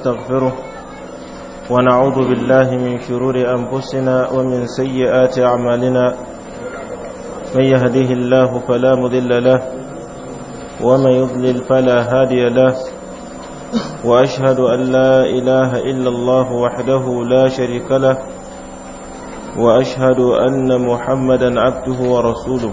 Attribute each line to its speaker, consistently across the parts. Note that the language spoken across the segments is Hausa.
Speaker 1: نستغفره ونعوذ بالله من شرور أنفسنا ومن سيئات أعمالنا من يهديه الله فلا مذل له ومن يضلل فلا هادي له وأشهد أن لا إله إلا الله وحده لا شريك له وأشهد أن محمدا عبده ورسوله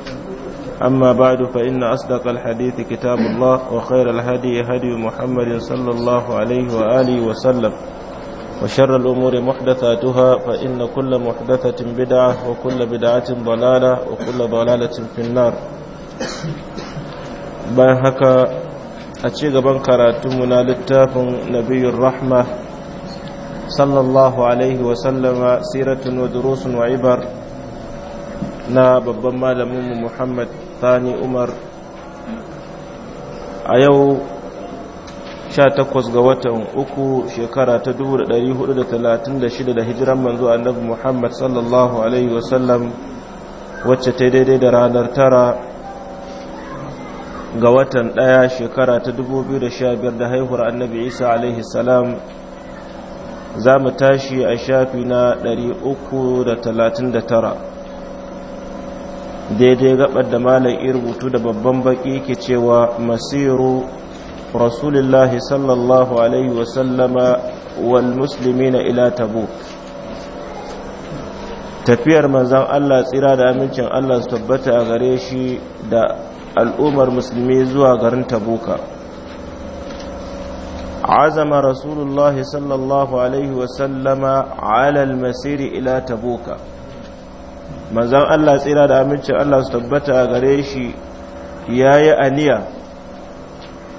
Speaker 1: أما بعد فإن أصدق الحديث كتاب الله وخير الهدي هدي محمد صلى الله عليه وآله وسلم وشر الأمور محدثاتها فإن كل محدثة بدعة وكل بدعة ضلالة وكل ضلالة في النار bayan haka a ci gaban karatunmu na littafin nabiyun rahma sallallahu alaihi wasallama siratun wa wa ibar na babban malaminmu muhammad Sani Umar a yau 18 ga watan uku shekara ta 436 da hijiran manzo annabi Muhammad sallallahu alaihi wasallam wacce ta daidai da ranar tara ga watan ɗaya shekara ta 2015 da haihuwar annabi Isa alaihi salam za mu tashi a shafi na 339 daidai gabar da malam ya rubutu da babban baki ke cewa masiru rasulullahi sallallahu alaihi wasallama wal na ila tabuk tafiyar manzan Allah tsira da amincin Allah su tabbata a gare shi da al'ummar musulmi zuwa garin tabuka azama rasulullah sallallahu alaihi wasallama alal masiri ila tabuka manzan Allah tsira da amincin Allah su tabbata gare shi ya yi aniya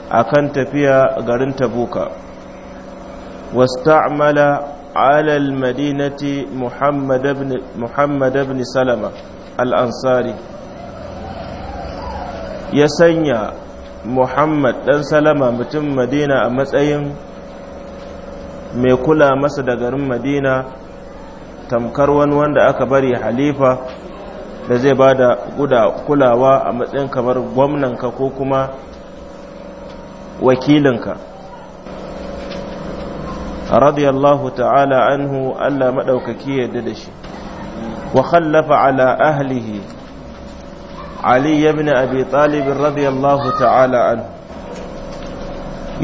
Speaker 1: a kan tafiya garin tabuka wasta'amala alal madinati muhammad ibn salama al'ansari ya sanya muhammad ɗan salama mutum madina a matsayin mai kula masa da garin madina tamkar wani wanda aka bari halifa da zai ba da kulawa a matsayin kamar gwamnanka ko kuma wakilinka radiyallahu ta'ala anhu Allah maɗaukaki yadda da shi wa khallafa ala ahlihi Ali ibn Abi Talib radiyallahu ta'ala anhu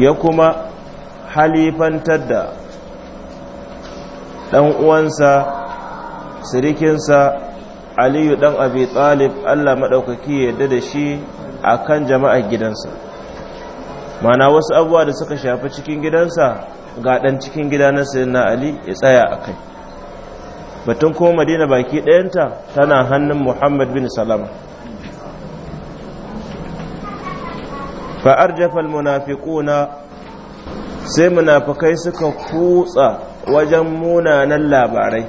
Speaker 1: ya kuma halifantar da Dan uwansa sirikinsa aliyu ɗan abi talib allah maɗaukaki yadda da shi a kan jama'ar gidansa mana wasu abubuwa da suka shafi cikin gidansa ga dan cikin gida na ali ya tsaya a kai batun kuma madina baki ɗayanta tana hannun muhammad bin salama fa'ar jafal munafiquna sai munafakai suka kutsa wajen munanan labarai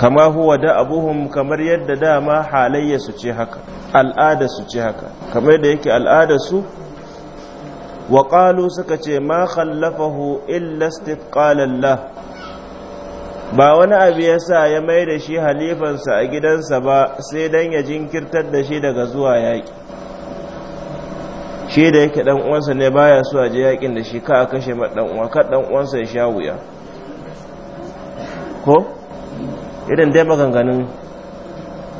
Speaker 1: kama huwa da abuhum kamar yadda dama halayya su ce haka al'ada su ce haka kamar da yake al'ada su waƙalu suka ce ma khallafahu illa istifqalallah ba wani abu ya sa ya mai da shi halifansa a gidansa ba sai don ya jinkirtar da shi daga zuwa yaƙi shi da yake dan uwansa ne baya so a je yakin da shi ka a kashe ma dan uwa ka dan uwansa ya sha wuya ko irin dai maganganun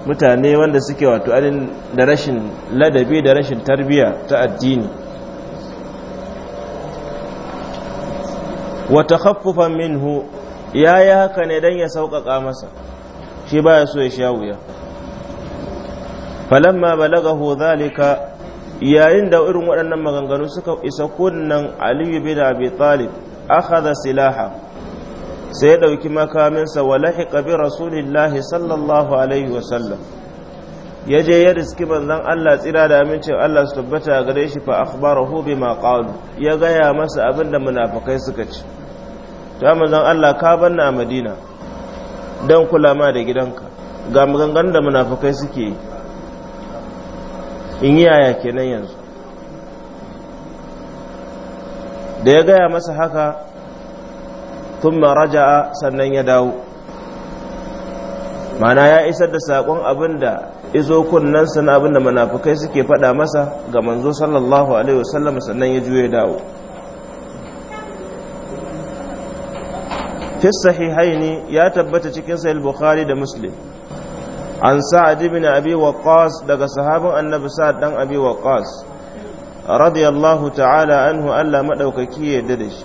Speaker 1: mutane wanda suke wato alin da rashin ladabi da rashin tarbiya ta addini wa takhaffufan minhu ya yi haka ne dan ya sauƙaƙa masa shi baya so ya sha wuya falamma balagahu dhalika yayin da irin waɗannan maganganu suka isa kunnan aliyu bin abi talib akhadha silaha sai ya ɗauki makaminsa wa lahiqa bi rasulillahi sallallahu alaihi wa sallam ya je ya riski manzon Allah tsira da amincin Allah su tabbata gare shi fa akhbarahu bima qalu ya gaya masa abinda munafikai suka ci ta manzon Allah ka banna a Madina dan kula ma da gidanka ga maganganun da munafikai suke yi in yi yaya kenan yanzu da ya gaya masa haka tun raja'a sannan ya dawo mana ya isar da saƙon abin da izo kunnan na abin da manafukai suke faɗa masa ga manzo sallallahu alaihi wasallam sannan ya juye dawo fi sahihaini ya tabbata cikin sahih bukhari da muslim an sa'ad ibn abi waqqas daga sahabin annabi sa'ad dan abi waqqas radiyallahu ta'ala anhu Allah madaukaki ya yarda da shi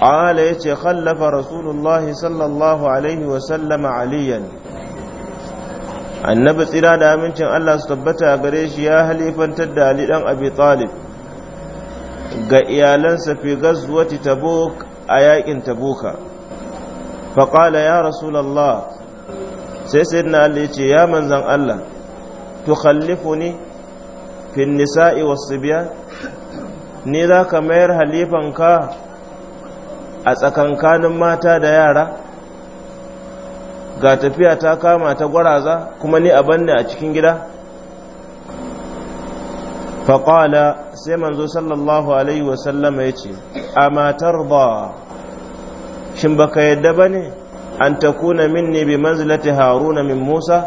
Speaker 1: qala yace khallafa rasulullah sallallahu alaihi wa sallam aliyan annabi tsira da amincin Allah su tabbata gare shi ya halifantar da Ali dan Abi Talib ga iyalansa fi gazwati Tabuk a yakin Tabuka faqala ya rasulullah sai sayyidina ali ya ce ya manzan Allah ni fi nisa'i was-sibyan ni za ka mayar halifan ka a tsakankanin mata da yara ga tafiya ta kama ta gwaraza kuma ni a banne a cikin gida faƙala sai manzo sallallahu alaihi wasallama ya ce a matar ba shin baka yadda ba ne an takuna minni bi manzilati haruna min musa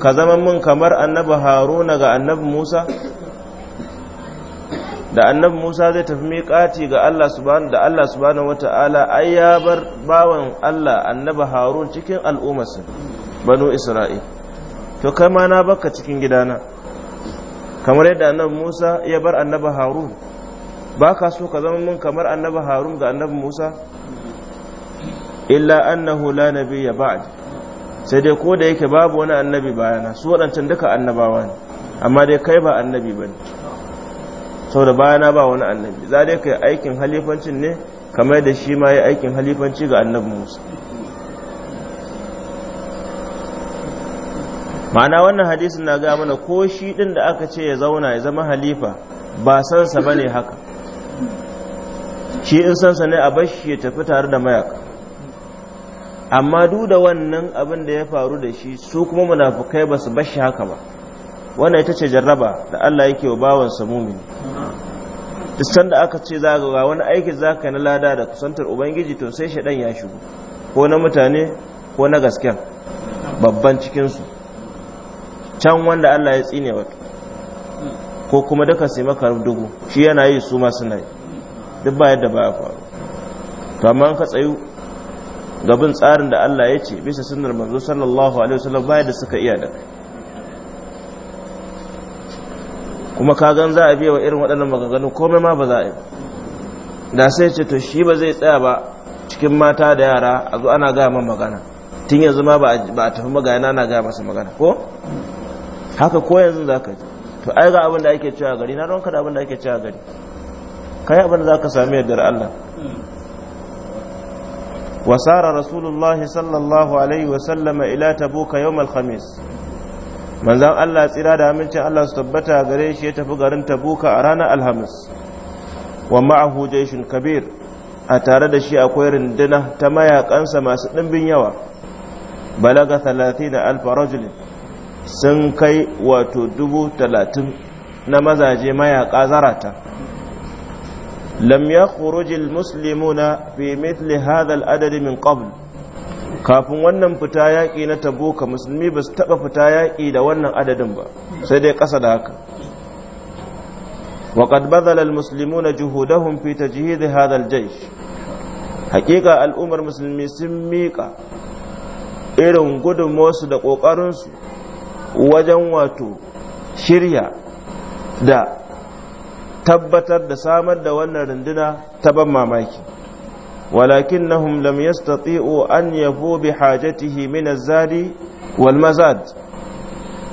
Speaker 1: ka zama min kamar annabi haruna ga annabi musa da annabi musa zai tafi miƙati ga allah subhanahu da allah subhanahu wata'ala ai ya bar bawan allah annabi harun cikin al'ummarsa banu isra'il to kai ma na baka cikin gidana kamar yadda annabi musa ya bar annabi harun ba ka so ka zama min kamar annabi harun ga annabi musa illa annahu la nabiyya ba'd sai dai ko da yake babu wani annabi bayana su waɗancan duka annabawa ne amma dai kai ba annabi bane da bayana ba wani annabi za dai kai aikin halifancin ne kamar da shi ma yi aikin halifanci ga annabi Musa ma'ana wannan hadisin na ga mana ko shi din da aka ce ya zauna ya zama halifa ba sansa bane haka shi in sansa ne a bashi ya tafi tare da mayaka amma duk da wannan abin da ya faru da shi su kuma munafukai ba su bashi haka ba wannan ita ce jarraba da Allah yake wa bawansa mumin duk sanda aka ce za ga wani aiki za ka na lada da kusantar ubangiji to sai shaɗan ya shigo ko na mutane ko na gasken babban cikinsu can wanda Allah ya tsine wato ko kuma duka sai maka dugu shi yana yi su ma suna yi duk ba yadda ba ya faru to amma ka tsayu gabin tsarin da Allah ya ce bisa sunar manzo sallallahu alaihi wasallam bai da suka iya da kuma ka gan za a biya wa irin waɗannan maganganu komai ma ba za a da sai ce to shi ba zai tsaya ba cikin mata da yara a zo ana gaya man magana tun yanzu ma ba a tafi magana ana gaya masa magana ko haka ko yanzu za ka ji to ai ga abin da ake cewa gari na ranka da abin da ake cewa gari kai abin da za ka sami yardar Allah وسار رسول الله صلى ta buka وسلم إلى تبوك manzan Allah tsira da amincin Allah su tabbata gare shi ya tafi garin Tabuka a ranar Alhamis wa ma'ahu kabir a tare da shi akwai rinduna ta mayakansa masu ɗimbin yawa balaga 30 alfa rajulin sun kai wato dubu talatin na mazaje mayaƙa zarata لم يخرج المسلمون في مثل هذا الأدد من قبل kafin wannan fita yaƙi na taboka musulmi ba su taɓa fita yaƙi da wannan adadin ba sai dai ƙasa da haka wa qad bazala al muslimuna juhudahum fi tajhid hadha al jaysh haqiqa al umar muslimi sun miƙa irin gudunmawarsu da ƙoƙarinsu wajen wato shirya da tabbatar da samar da wannan runduna ta ban mamaki walakin na lam yastati'u an yafo bi hajatihi min zadi wal mazad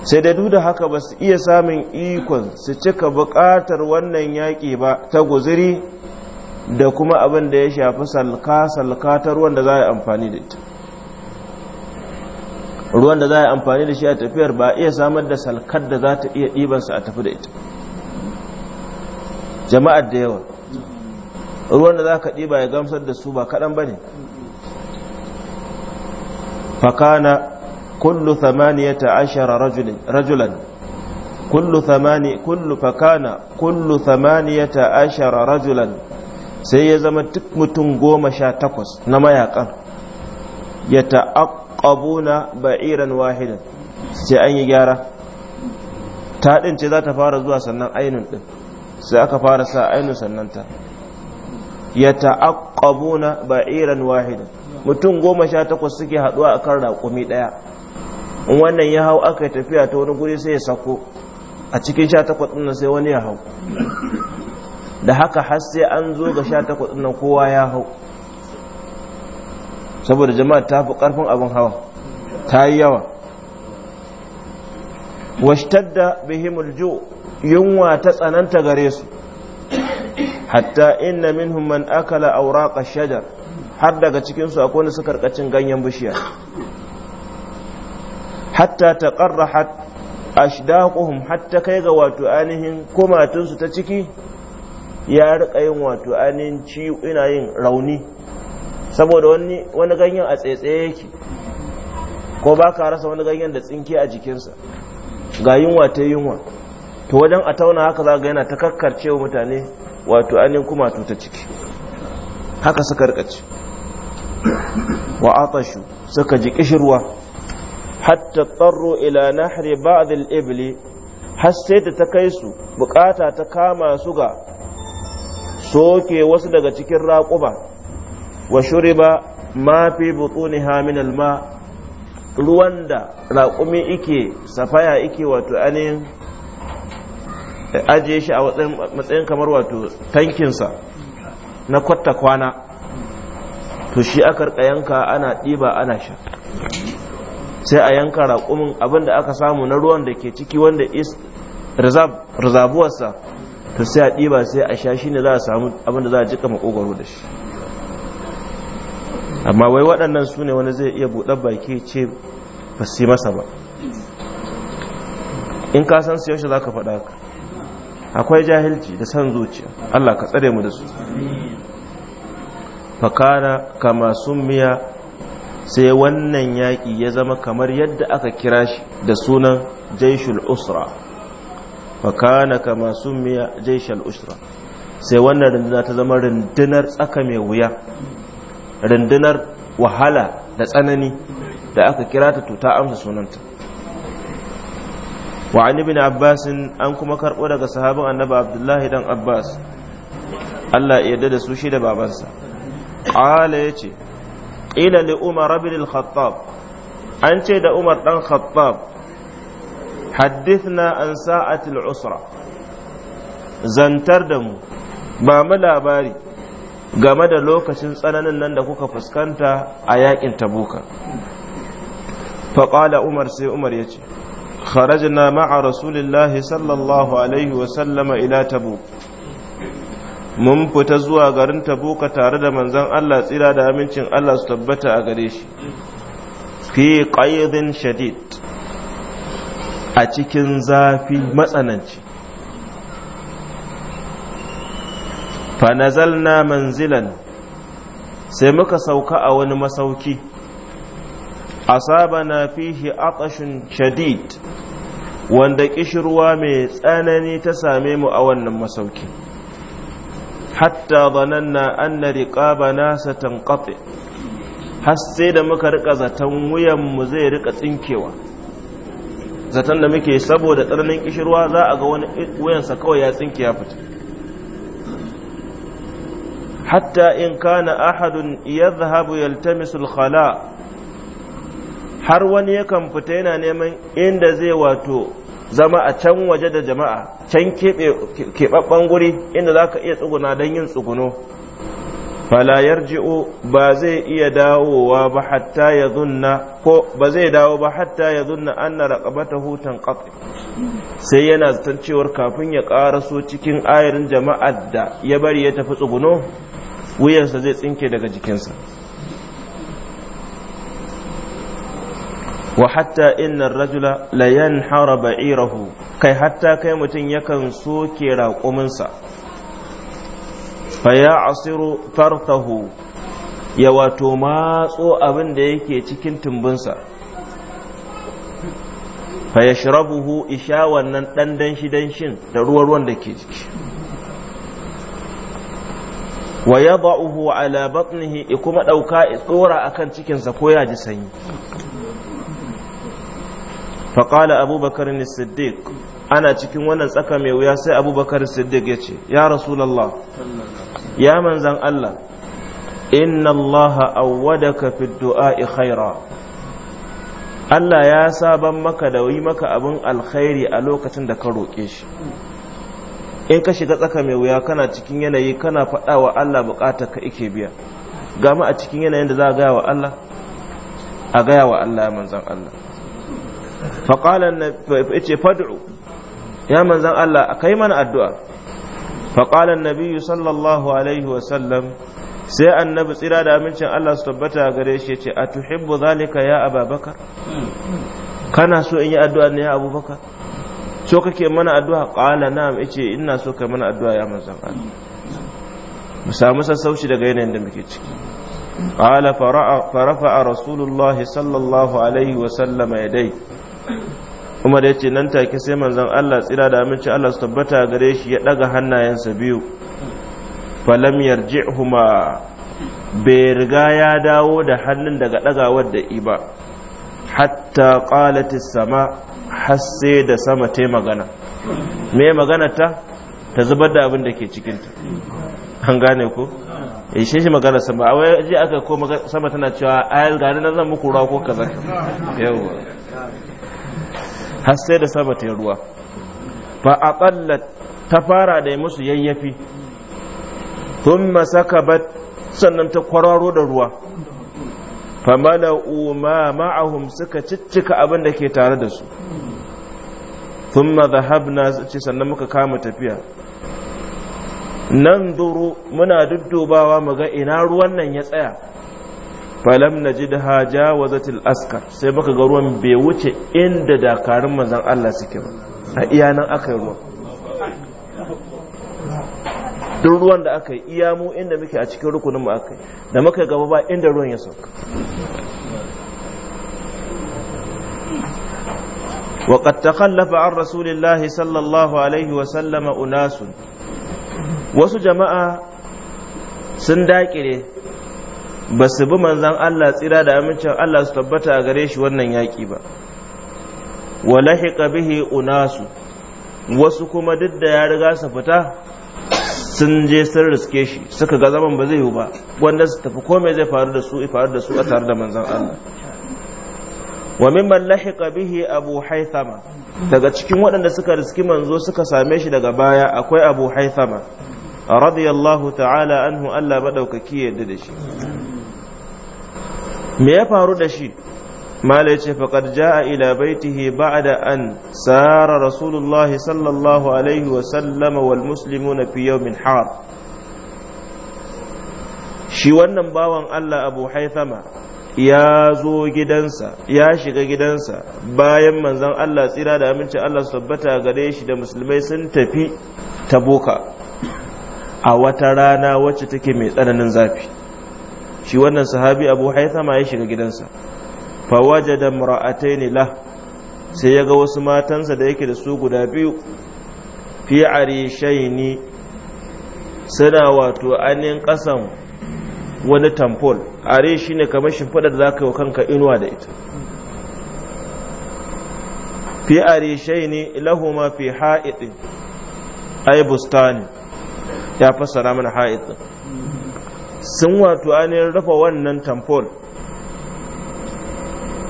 Speaker 1: sai da duk da haka ba su iya samun ikon su cika buƙatar wannan yaƙi ba ta guziri da kuma abin da ya shafi salka-salka ta ruwan da za a yi amfani da ita ruwan da za a yi amfani da shi a tafiyar ba iya samar da salkar da za ta iya ɗibansa a tafi da ita jama'ar da yawa ruwan da za ka ɗiba ya gamsar da su ba kaɗan ba ne fakana kullu thamaniyata ashara rajulan kullu thamani kullu fakana kullu thamaniyata ashara rajulan sai ya zama duk mutum goma sha takwas na mayakan ya ta'aqqabuna ba'iran wahidan sai an yi gyara ta ɗin ce za ta fara zuwa sannan ainun ɗin sai aka fara sa ainu sannan ta ya ba ba'iran wahida mutum goma sha takwas suke haɗuwa a kan raƙumi ɗaya in wannan ya hau aka yi tafiya ta wani guri sai ya sako a cikin sha takwas ɗin sai wani ya hau da haka har sai an zo ga sha takwas ɗin kowa ya hau saboda jama'a ta fi ƙarfin abin hawa ta yi yawa washtadda bihimul ju' yunwa ta tsananta gare su hatta inna minhum man akala awraqa shajar har daga cikin su akwai su karkacin ganyen bishiya hatta taqarrahat ashdaquhum hatta kai ga wato anihin komatun su ta ciki ya rika yin wato anin ci ina yin rauni saboda wani wani ganyen a tsaitsaye yake ko ba ka rasa wani ganyen da tsinke a jikinsa ga yunwa ta yunwa to wajen a tauna haka za ga yana ta wa mutane wato ainihin kuma ta ciki haka suka rikace. wa atashu suka ji kishirwa hatta tsarro ila nahri ba'd al har sai da ta kai su bukata ta kama su ga soke wasu daga cikin raƙuba wa ba ma fi butuniha min ma ruwan da raƙumi ike safaya ike wato ainihin ajiye shi a matsayin kamar wato tankinsa na kwatta kwana to shi aka yanka ana ɗiba ana sha sai a yanka raƙumin abin aka samu na ruwan da ke ciki wanda is rizabuwarsa to sai a ɗiba sai a sha shi ne za a samu abin za a jika makogwaro da shi amma wai waɗannan su ne wani zai iya buɗe baki ce ba su yi masa ba in ka san su yaushe za ka faɗa ka akwai jahilci da san zuciya Allah ka tsare mu da su fakana kama summiya sai wannan yaƙi ya zama kamar yadda aka kira shi da sunan jaishul usra fakana kama summiya jaishul usra sai wannan runduna ta zama rindunar tsaka mai wuya rindunar wahala da tsanani da aka kira ta tuta amsa sunanta wa bin ibn abbas an kuma karɓo daga sahabin annabi abdullahi dan abbas Allah ya yarda da su shi da babansa qala yace ila li umar ibn al-khattab an ce da umar dan khattab haddithna an sa'ati al-usra zantar da mu ba mu labari game da lokacin tsananin nan da kuka fuskanta a yaƙin ta tabuka faƙala umar sai umar ya ce خرجنا مع رسول الله صلى الله عليه وسلم إلى تبوك mun fita zuwa garin tabuka tare da manzon Allah tsira da amincin Allah su tabbata a gare shi fi qaydin shadid a cikin zafi matsananci fa nazalna manzilan sai muka sauka a wani masauki asabana fihi atashin shadid wanda kishirwa mai tsanani ta same mu a wannan masauki hatta zananna anna riqabana satanqati har sai da muka rika zaton wuyan mu zai rika tsinkewa zaton da muke saboda tsananin kishirwa za a ga wani wuyansa kawai ya tsinke ya fita hatta in kana ahadun yadhhabu yaltamisul khala' har wani yakan fita yana neman inda zai wato zama a can waje da jama'a can keɓaɓɓen guri inda za ka iya tsuguna don yin tsuguno fala yarji'u ba zai iya dawowa ba hatta ya zunna ko ba zai dawo ba hatta ya zunna na raƙabata hutan ƙafi sai yana zaton cewar kafin ya karaso cikin ayarin jama'ar da ya bari ya tafi tsuguno wuyansa zai tsinke daga jikinsa wa hatta innar rajula la yanhara ba'irahu kai hatta kai mutum yakan soke raƙuminsa fa ya asiru ya wato matso abin da yake cikin tumbinsa fa ya isha wannan ɗan danshi danshin da ruwa ruwan da ke jiki wa ya ba'uhu ala batnihi kuma ɗauka tsora akan cikinsa ko ya ji sanyi faƙala abubakar ne siddiq ana cikin wannan tsaka mai wuya sai abubakar siddiq yace ya rasulallah ya manzan allah inna allaha awwadaka fi du'a'i khaira allah ya saban maka da yi maka abin alkhairi a lokacin da ka roƙe shi in ka shiga tsaka mai wuya kana cikin yanayi kana faɗa wa Allah buƙatar ka ike biya gama a cikin yanayin da za a gaya wa Allah a gaya wa Allah manzan Allah faƙalar na ce fad'u ya manzan Allah a kai mana addu'a faƙalar nabiyu sallallahu alaihi wasallam sai annabi tsira da amincin Allah su tabbata gare shi ce a tuhibbu zalika ya ababakar kana so in yi addu'a ne ya abubakar so kake mana addu'a qala na'am yace ina so kai mana addu'a ya manzon Allah mu samu sassauci daga yanayin da muke ciki qala farafa rasulullahi sallallahu alaihi wa sallama yadai umar ya ce nan take sai manzon allah tsira da aminci allah su tabbata gare shi ya ɗaga hannayensa biyu falam yarji'huma bai riga ya dawo da hannun daga ɗagawar da iba hatta qalatis sama har sai da sama ta magana me magana ta ta zubar da abin da ke cikinta an gane ku? ya eh, shi shi magana sama a waje aka ko sama tana cewa ayal gani na zan muku ruwa ko kaza yawwa har sai da saba ta ruwa fa aqallat ta fara da musu yayyafi thumma sakabat sannan ta kwararo da ruwa fa mala'u ma ma'ahum suka ciccika abin da ke tare da su thumma dhahabna ce sannan muka kama tafiya nan duru muna duddubawa mu ga ina ruwan nan ya tsaya falam na ji da haja wa zatil askar sai baka ga ruwan bai wuce inda dakarun manzan Allah suke ba a iya nan aka yi ruwan duk ruwan da aka yi iya mu inda muke a cikin rukunin mu aka yi da muka gaba ba inda ruwan ya sauka وقد تخلف عن رسول الله صلى الله عليه وسلم أناس wasu jama'a sun dakire ba su bi manzan Allah tsira da amincin Allah su tabbata a gare shi wannan yaƙi ba wa lahiqa bihi unasu wasu kuma duk da ya riga su fita sun je sun riske shi suka ga zaman ba zai yiwu ba wanda su tafi komai zai faru da su faru da su a tare da manzan Allah wa mimman lahiqa bihi abu haithama daga cikin waɗanda suka riski manzo suka same shi daga baya akwai abu haithama radiyallahu ta'ala anhu Allah madaukaki yadda da shi me ya faru da shi mala ya ce faƙar ja'a ila baitihi ba'da an sara rasulullahi sallallahu alaihi wa sallama wal na fi min har shi wannan bawan Allah abu Haifama ya zo gidansa ya shiga gidansa bayan manzon Allah tsira da aminci Allah su tabbata gare shi da musulmai sun tafi ta boka a wata rana wacce take mai tsananin zafi shi wannan sahabi abu ma ya shiga gidansa fawaje da mura'atai la sai ya ga wasu matansa da yake da su guda biyu fi arishaini suna wato anin kasan wani tamfol a shi ne kamar shimfiɗar da za ka yi wa kanka inuwa da ita fi arishaini lahuma fi ha'iɗin ai bustani ya fassara mana ha'iɗin sun wato ainihin rufe wannan tamfol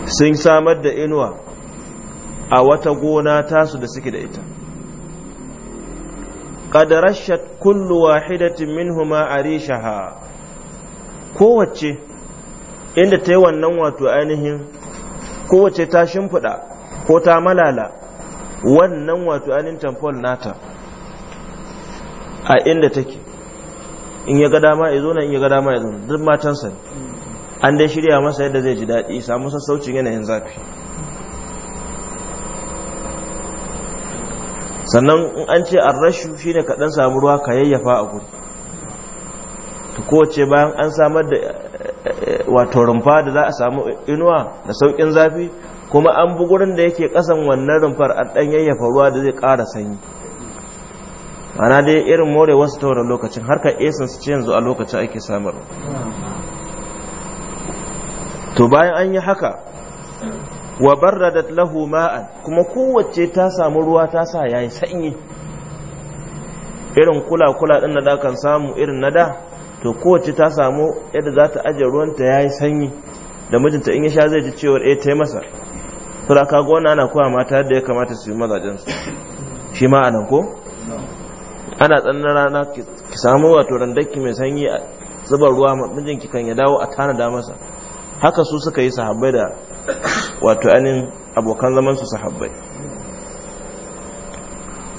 Speaker 1: sun samar da inuwa a wata gona tasu da suke da ita ƙadarashat kullu wahidatin minhuma arishaha kowace inda ta yi wannan wato ainihin kowace ta shimfiɗa ko ta malala wannan wato ainihin tamfol nata a inda take in ya ga dama ya zo nan in ya ga dama ya zo duk matan matansa an dai shirya masa yadda zai ji daɗi samu sassaucin yanayin zafi sannan in an ce arrashu shine ka dan samu ruwa ka yayyafa a guri to kowace bayan an samar da eh, wato rumfa da za a samu inuwa da saukin zafi kuma an bi gurin da yake kasan wannan rumfar an ɗan yayyafa ruwa da zai ƙara sanyi mana dai irin more wasu ta lokacin lokacin esin su ce yanzu a lokacin ake samar to bayan an yi haka wa barradat lahu ma'an kuma kowace ta samu ruwa ta sa yayi sanyi irin kula kula din da kan samu irin nada da to kowace ta samu yadda za ta ajiye ruwanta yayi sanyi da mijinta in ya sha zai ji cewa eh ta masa sura kaga wannan ana koya mata yadda ya kamata su yi mazajen su shi ma anan ko ana tsananin rana ki samu wato randaki mai sanyi a zuba ruwa mijinki kan ya dawo a tanada masa haka su suka yi sahabbai da wato anin abokan zaman su sahabbai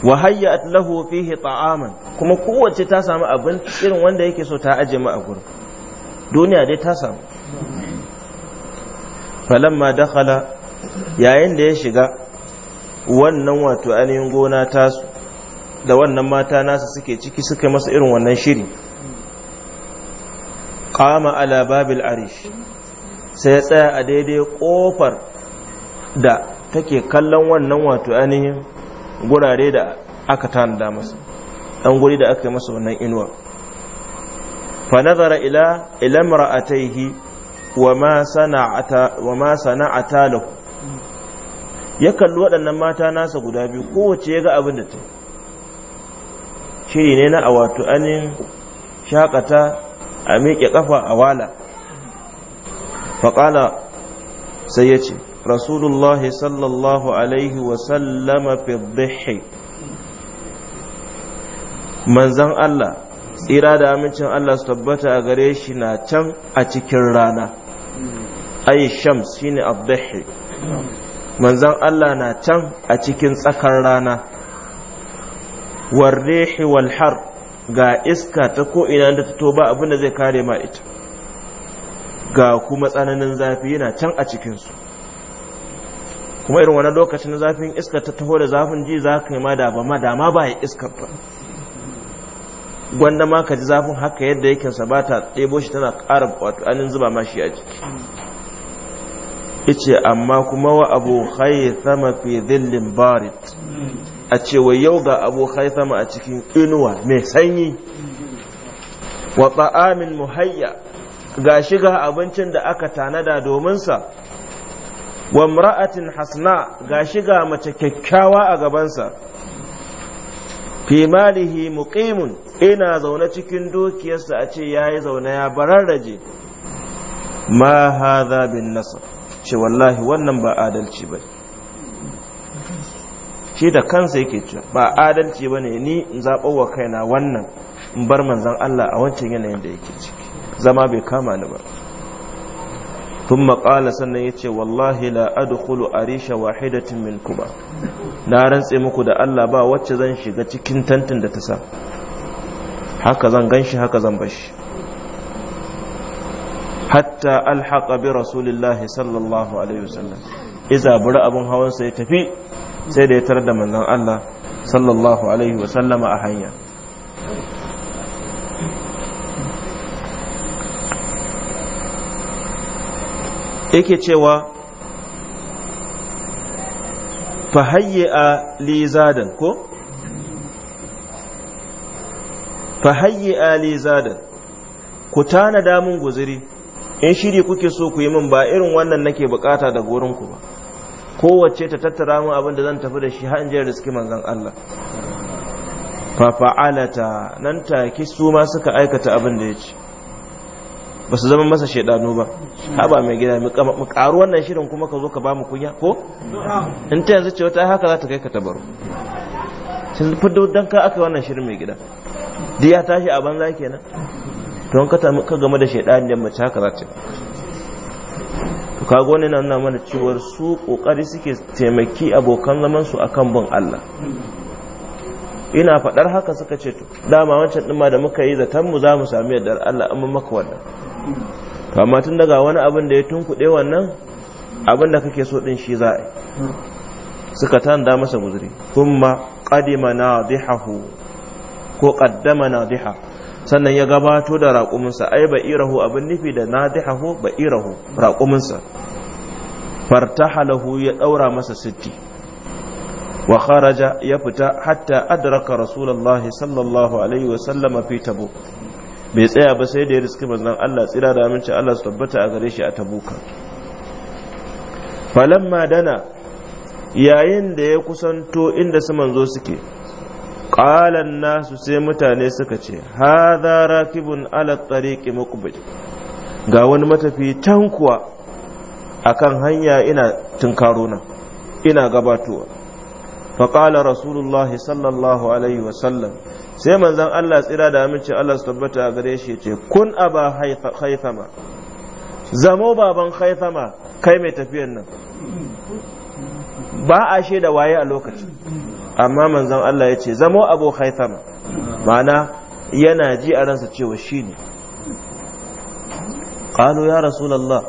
Speaker 1: wa hayyat lahu fihi ta'aman kuma kowace ta samu abin irin wanda yake so ta aje mu a gurin duniya dai ta samu falamma dakhala yayin da ya shiga wannan wato ainihin gona tasu da wannan mata nasa suke ciki suka masa irin wannan shiri Kama ala babil arish sai ya tsaya a daidai kofar da take kallon wannan wato ainihin gurare da aka tanada masa dan guri da aka yi masa wannan inuwa fa nazara ila ila mar'ataihi wa ma sana'ata wa ya kalli waɗannan mata nasa guda biyu kowace ya ga abin da ta yi shiri ne na a wato anin shakata a miƙe ƙafa a wala faƙala sai ya ce rasulullah sallallahu alaihi wasallama fi dhihi manzan Allah tsira da amincin Allah su tabbata a gare shi na can a cikin rana ai shams shine abdihi manzan Allah na can a cikin tsakar rana warrehi wal ga iska ta ko ina da ta toba abin da zai kare ma ita ga kuma tsananin zafi yana can a cikinsu kuma irin wani lokacin zafin iska ta taho da zafin ji za ka yi ma da ba ma dama ba ya iska ba gwanda ma ka ji zafin haka yadda yake sa ba ɗebo shi tana ƙara wato anin zuba ma shi a jiki ice amma kuma wa abu haye sama fi zillin barit a cewa yau ga abu sama a cikin inuwa mai sanyi wa ta'amin muhayya ga shiga abincin da aka tanada dominsa wa mra'atin hasna ga shiga mace kyakkyawa a gabansa Fimalihi malihi muqimun ina zaune cikin dukiyarsa a ce ya yi zaune ya bararraje ma hadha bin nasr ce wallahi wannan ba adalci bai. shi da kansa yake cewa ba adalci ba ne ni in zaɓo wa kai na wannan in bar manzan Allah a wancan yanayin da yake ciki zama bai kama ni ba tun maƙala sannan ya ce wallahi la adkhulu arisha wahidatin min ba. na rantse muku da Allah ba wacce zan shiga cikin tantin da ta sa haka zan ganshi haka zan bashi hatta alhaqa bi rasulillahi sallallahu alaihi wasallam iza bura abun hawansa ya tafi sai da ya tarar da manzan Allah sallallahu alaihi wasallama a hanya yake cewa fahayye a lizadan ko? fahayye a lizadan ku tana damun guziri in shiri kuke so ku yi min ba irin wannan nake bukata daga wurinku ba kowace ta tattara mu abin da zan tafi da shi har in je riski manzon Allah fa fa'alata nan take su ma suka aikata abin da yace ba su zama masa shaidanu ba haba mai gida mu karu wannan shirin kuma ka zo ka ba mu kunya ko in ta yanzu ce wata haka za ta kai ka tabaru sun fito dan ka aka wannan shirin mai gida duk ya tashi a banza kenan to ka game da shaidan da mace haka za ta to kaga na mana cewar su kokari suke taimaki abokan zaman su akan bin Allah ina faɗar haka suka ce to dama wancan ɗin da muka yi zaton mu za mu sami yadda Allah amma maka wannan to amma tun daga wani abin da ya tunkuɗe wannan abin da kake so ɗin shi za a yi suka da masa guzuri kuma qadima nadihahu ko qaddama nadihahu sannan ya gabato da raƙuminsa ai irahu abin nufi da na ba irahu raƙuminsa fartahalahu ya ɗaura masa sitti wa kharaja ya fita hatta adraka rasulullahi sallallahu alaihi wa sallama fi tabu. bai tsaya ba sai da ya riski manzon Allah tsira da aminci Allah su tabbata a gare shi a tabuka falamma dana yayin da ya kusanto inda su manzo suke ƙalan nasu sai mutane suka ce haza rakibun ala tsariƙi muqbil ga wani matafi can kuwa akan hanya ina tunkaro nan ina gabatowa faƙala rasulullahi sallallahu alaihi sallam sai manzon allah tsira da amince allah su tabbata a gare shi ce kun aba haifama zamo baban haifama kai mai tafiyan nan ba a shaida waye a lokacin amma manzan Allah ya ce zamo abu haithama ma'ana yana ji a ransa cewa shi ne ƙano ya rasulallah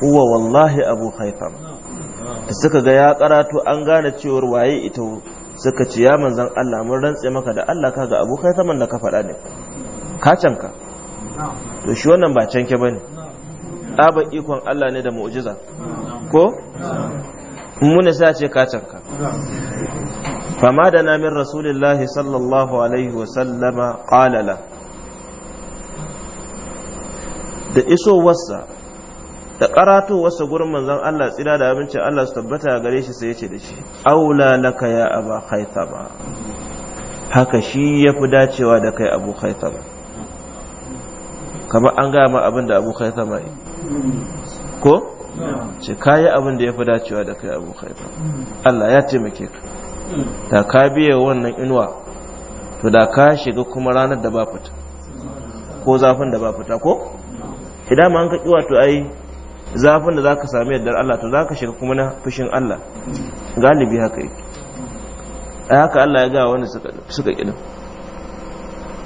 Speaker 1: huwa wallahi abu da suka ga ya karatu an gane cewar waye ita suka ce ya manzan Allah mun rantse maka da Allah kaga abu haithaman da ka faɗa ne ka canka to shi wannan ba canke ba ne ɗaba ikon Allah ne da mu'jiza ko mun sa ce ka canka فما دنا من رسول الله صلى الله عليه وسلم قال له da isowarsa da karatowarsa gurin manzon Allah tsira da abincin Allah su tabbata a gare shi sai ya ce da shi aula laka ya aba khaytaba haka shi ya fi dacewa da kai abu khaytaba kamar an gama abin da abu khaytaba yi ko ce kayi abin da ya fi dacewa da kai abu khaytaba Allah ya taimake ka da ka biya wannan inuwa to da ka shiga kuma ranar da ba fita ko zafin da ba fita ko idan ma an ka kiwa to ai zafin da za ka sami yadda Allah to za ka shiga kuma na fushin Allah galibi haka yake a haka Allah ya ga wanda suka ƙinin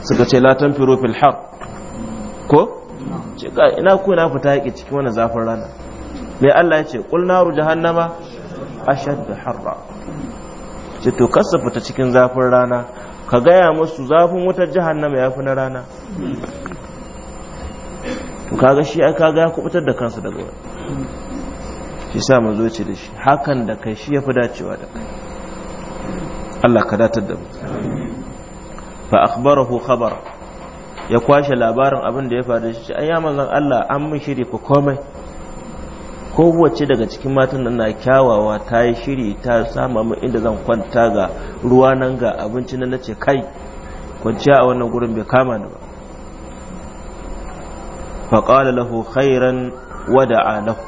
Speaker 1: suka ce latan firo fil haq ko ina ku na fita yake cikin wani zafin rana mai Allah ya ce ƙulnaru jahannama ashad da harra ce to kasa fita cikin zafin rana ka gaya musu zafin wutar jahannama ya fi na rana to kaga shi ai kaga ya kubutar da kansa daga wani shi sa mu zo ce da shi hakan da kai shi ya fi dacewa da kai Allah ka datar da mu fa akhbarahu khabara ya kwashe labarin abin da ya faru shi an yi manzon Allah an mun shiri ku komai kowace daga cikin matan nan na kyawawa ta yi shiri ta sama mu inda zan kwanta ga ruwa nan ga abinci nan ce kai kwanciya a wannan gurin bai kama ni ba fa qala lahu khairan wa da'a lahu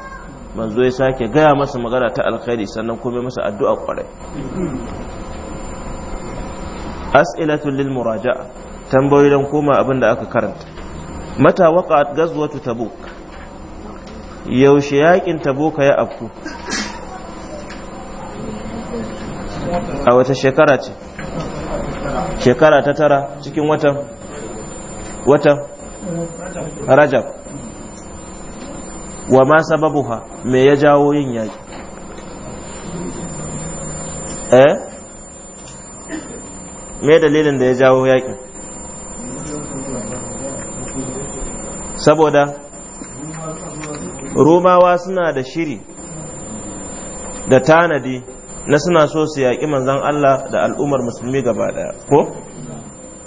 Speaker 1: manzo ya sake gaya masa magana ta alkhairi sannan kuma masa addu'a kwarai as'ilatu lil muraja'a tambayoyi dan koma abin da aka karanta mata waqa'at ghazwatu tabuk yaushe yakin tabuka ya afku a wata shekara ce shekara ta tara cikin watan watan rajab wa ma sababuha me ya jawo yin yaki eh me dalilin da ya jawo yakin saboda romawa suna da shiri da tanadi na suna so su yaƙi manzan Allah da al'ummar musulmi gaba ɗaya ko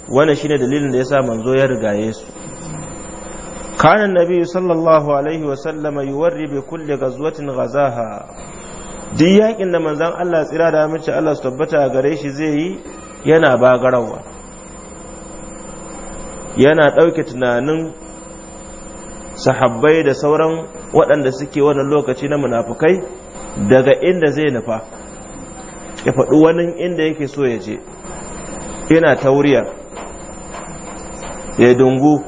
Speaker 1: wani ne dalilin da ya sa manzo ya rigaye su kanan النبي صلى الله عليه وسلم kulle ga غزوة gazaha. duk yaƙin da Manzan Allah tsira da mace Allah su tabbata a gare shi zai yi yana bagarawa yana ɗauke tunanin sahabbai da sauran waɗanda suke wannan lokaci na munafukai daga inda zai nufa ya faɗi wani inda yake so ya je ina tauriya ya dungu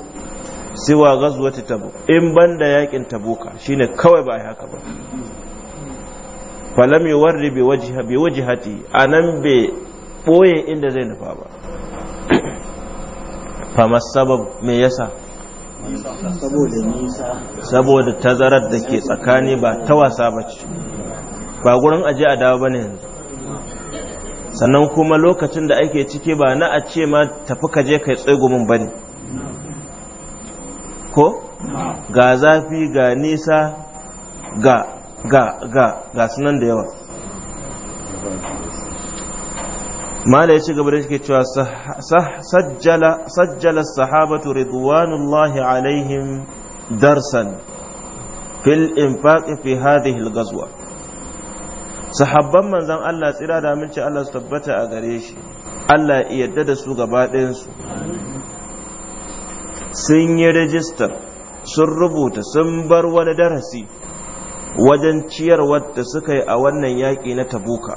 Speaker 1: siwa gazuwa ta tabu in banda yakin tabuka shine kawai ba haka ba falam warri bai wajha hati a anan bai ɓoye inda zai nufa ba fama sabab me yasa saboda tazarar da ke tsakani ba ta wasa ba ce ba gurin aji a dawo ba ne sannan kuma lokacin da ake ciki ba na a ce ma tafi kaje kai tsegumin ba ne ko ga zafi ga nisa ga ga ga ga sunan da yawa mala ya ci gaba da shi cewa sajjala sahabatu ridwanullahi alaihim darsan fil infaqi fi hadhihi al-ghazwa sahabban manzon Allah tsira da aminci Allah su tabbata a gare shi Allah ya yarda da su gaba su sun yi rajistar sun rubuta sun bar wani darasi wajen ciyarwar da suka yi a wannan yaƙi na tabuka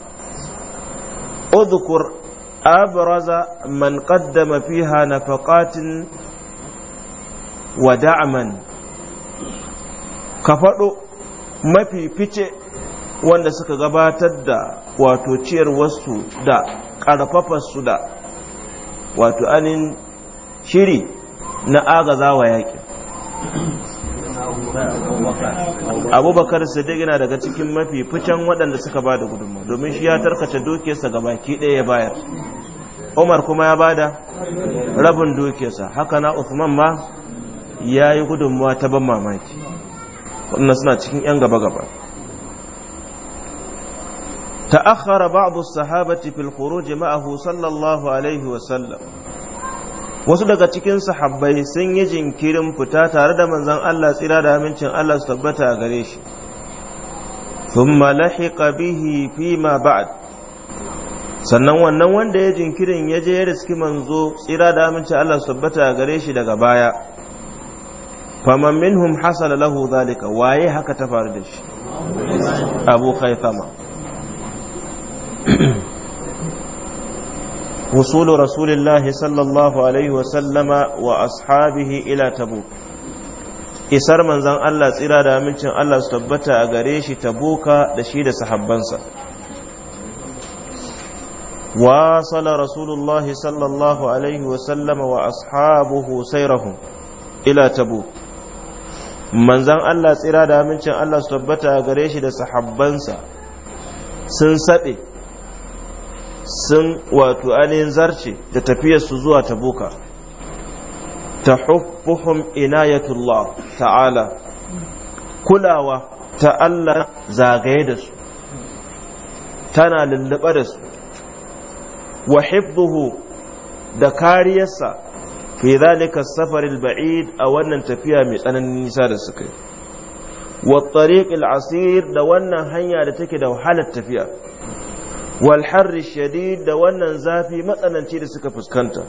Speaker 1: اذكر أبرز من قدم فيها نفقات ودعما كفروا ما في فتح wanda suka gabatar da wato ciyarwarsu da ƙarfafarsu da wato anin shiri na agazawa wa abubakar Sadik yana daga cikin mafi ficen waɗanda suka ba da gudunmawa domin shi ya tarkace dukiyarsa ga baki ɗaya ya bayar umar kuma ya bada rabin dukiyarsa haka na uthman ma ya yi gudunmawa ta ban mamaki waɗanda suna cikin 'yan gaba-gaba ta'akhara ba'd sahabati fil khuruj ma'ahu sallallahu alaihi wa sallam wasu daga cikin sahabbai sun yi jinkirin fita tare da manzon Allah tsira da amincin Allah su tabbata gare shi thumma lahiqa bihi fi ma ba'd sannan wannan wanda ya jinkirin ya je ya riski manzo tsira da amincin Allah su tabbata gare shi daga baya faman minhum hasala lahu zalika waye haka ta faru da shi abu khaythama وصول رسول الله صلى الله عليه وسلم وأصحابه إلى تبوك isar manzan Allah tsira da amincin Allah su tabbata a gare shi tabuka da shi da sahabbansa wasala rasulullah sallallahu alaihi wasallama wa ashabuhu sairahum ila tabuk manzan Allah tsira da amincin Allah su tabbata a gare shi da sahabbansa sun saɓe sun wato ainihin zarce da tafiyarsu zuwa tabuka ta huffuhum inayatullah ta'ala kulawa ta Allah zagaye da su tana lullube da su wa hibbuhu da kariyarsa fi zalika safaril ba'id a wannan tafiya mai tsananin nisa da suka yi wa tariq asir da wannan hanya da take da wahalar tafiya wal harri da wannan zafi matsananci da suka fuskanta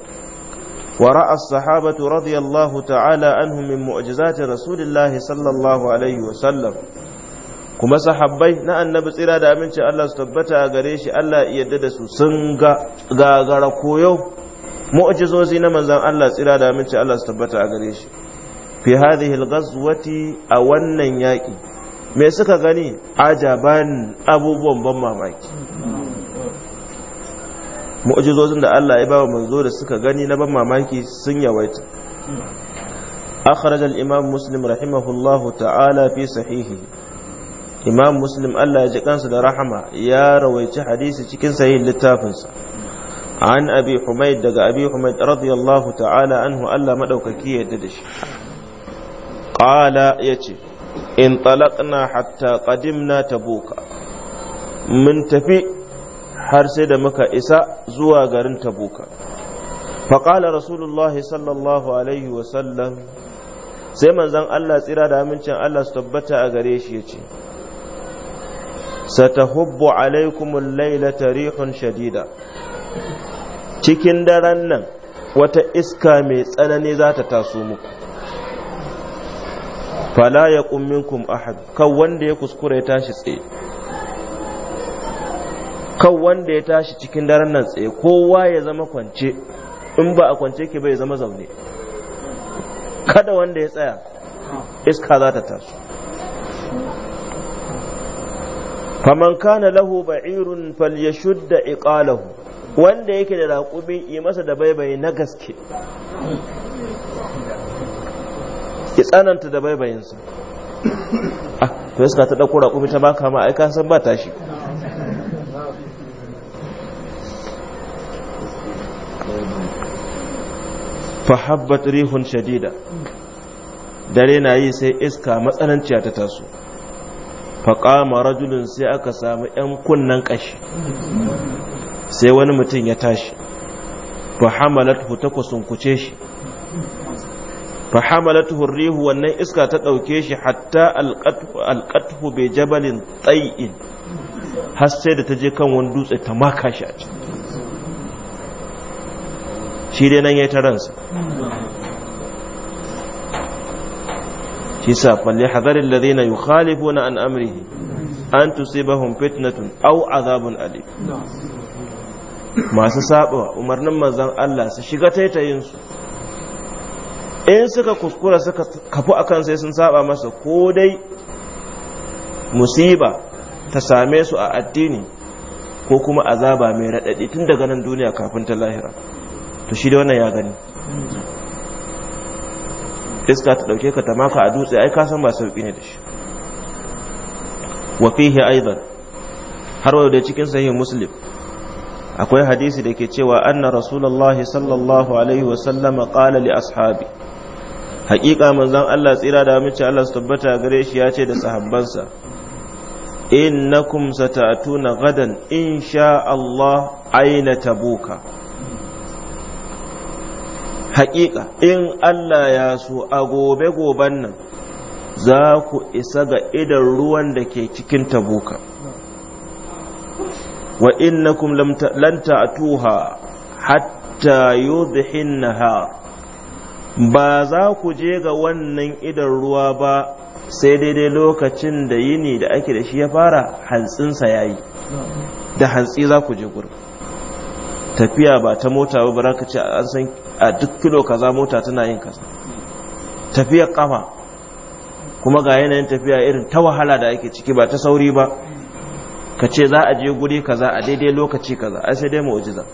Speaker 1: wa ra'a sahabatu radiyallahu ta'ala anhum min mu'jizati rasulillahi sallallahu alaihi wa sallam kuma sahabai na annabi tsira da aminci Allah su tabbata a gare shi Allah ya yarda da su sun ga gagara koyo mu'jizozi na manzon Allah tsira da aminci Allah su tabbata a gare shi fi hadhihi al a wannan yaki me suka gani ajaban abubuwan ban mamaki mu'jizozin da Allah ya bawa manzo da suka gani na ban mamaki sun yawaita akhraj al-imam muslim rahimahullahu ta'ala fi sahihi imam muslim Allah ya ji kansa da rahama ya rawaici hadisi cikin sahihin littafinsa an abi humayd daga abi humayd radiyallahu ta'ala anhu Allah madaukaki ya yarda da shi qala yace in talaqna hatta qadimna tabuka mun tafi har sai da muka isa zuwa garin tabuka faƙala rasulullahi sallallahu alaihi wasallam sai manzan allah tsira da amincin allah su tabbata a gare shi ya ce satahubbu alaikumul lailata rihun shadida cikin daren nan wata iska mai tsanani za ta taso muku fala ya minkum ahad kan wanda ya kuskure tashi tsaye kan wanda ya tashi cikin daren nan tsaye kowa ya zama kwance in ba a kwance ke bai zama zaune kada wanda ya tsaya iska za ta taso faman kana lahu ba'irun shudda iqalahu wanda yake da raƙumi yi masa da baibaye na gaske ya tsananta da baibayinsa ah, to iska ta ɗauko raƙumi ta baka ma aika ka san ba tashi fahabbat rihun shadida dare na yi sai iska matsananciya ta taso faƙama rajulun sai aka samu 'yan kunnen ƙashi sai wani mutum ya tashi fahamalatu ta kusunkuce shi fahamalatu rihu wannan iska ta ɗauke shi hatta alƙatuhu bai jabalin tsayi'in har sai da ta je kan wani dutse ta maka shi a ciki shi dai nan ya ta ransa shi sa falle hadarin Khalifu na an amrihi an tusi hun fitnatun a azabun Ali. masu saba umarnin mazan Allah su shiga taitayin su in suka kuskura suka kafu akan sai sun saba masa ko dai musiba ta same su a addini ko kuma azaba mai raɗaɗi tun daga nan duniya kafin ta lahira to shi da wannan ya gani iska ta dauke ka ta maka a dutse ai ka san ba sauki ne da shi wa fihi aidan har wa da cikin sahih muslim akwai hadisi da ke cewa anna rasulullah sallallahu alaihi wa sallam qala li ashabi haƙiƙa manzon Allah tsira da mace Allah su tabbata gare shi ya ce da sahabbansa innakum sata'tuna gadan insha Allah aina tabuka haƙiƙa in Allah ya so a gobe goben nan za ku isa ga idan ruwan da ke cikin tabuka wa innakum a ta'tuha hatta na ha, ba za ku je ga wannan idan ruwa ba sai daidai lokacin da yini da ake da shi ya fara hantsinsa yi, da hantsi za ku je gurin tafiya ba ta mota ba ba ka ce an san a duk kilo kaza mota tana yin kaza tafiyar kafa kuma ga yanayin tafiya irin ta wahala da ake ciki ba ta sauri ba ka ce za a je guri kaza a daidai lokaci kaza ai sai dai mu'jiza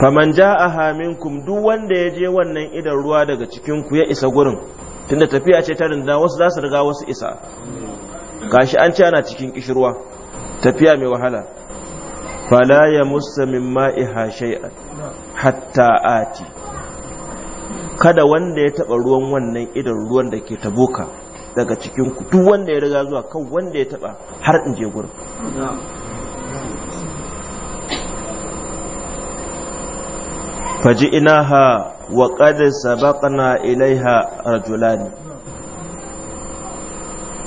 Speaker 1: faman hamin kum duk wanda ya je wannan idan ruwa daga cikinku ya isa gurin tunda tafiya ce ta rinda wasu za su riga wasu isa gashi an ce ana cikin kishirwa tafiya mai wahala fala ya من مائها شيئا حتى hatta ati kada wanda ya taba ruwan wannan idan ruwan da ke taboka daga cikin ku duk wanda ya riga zuwa kan wanda ya taba har in je gurin faji inaha wa qad sabaqna ilaiha rajulani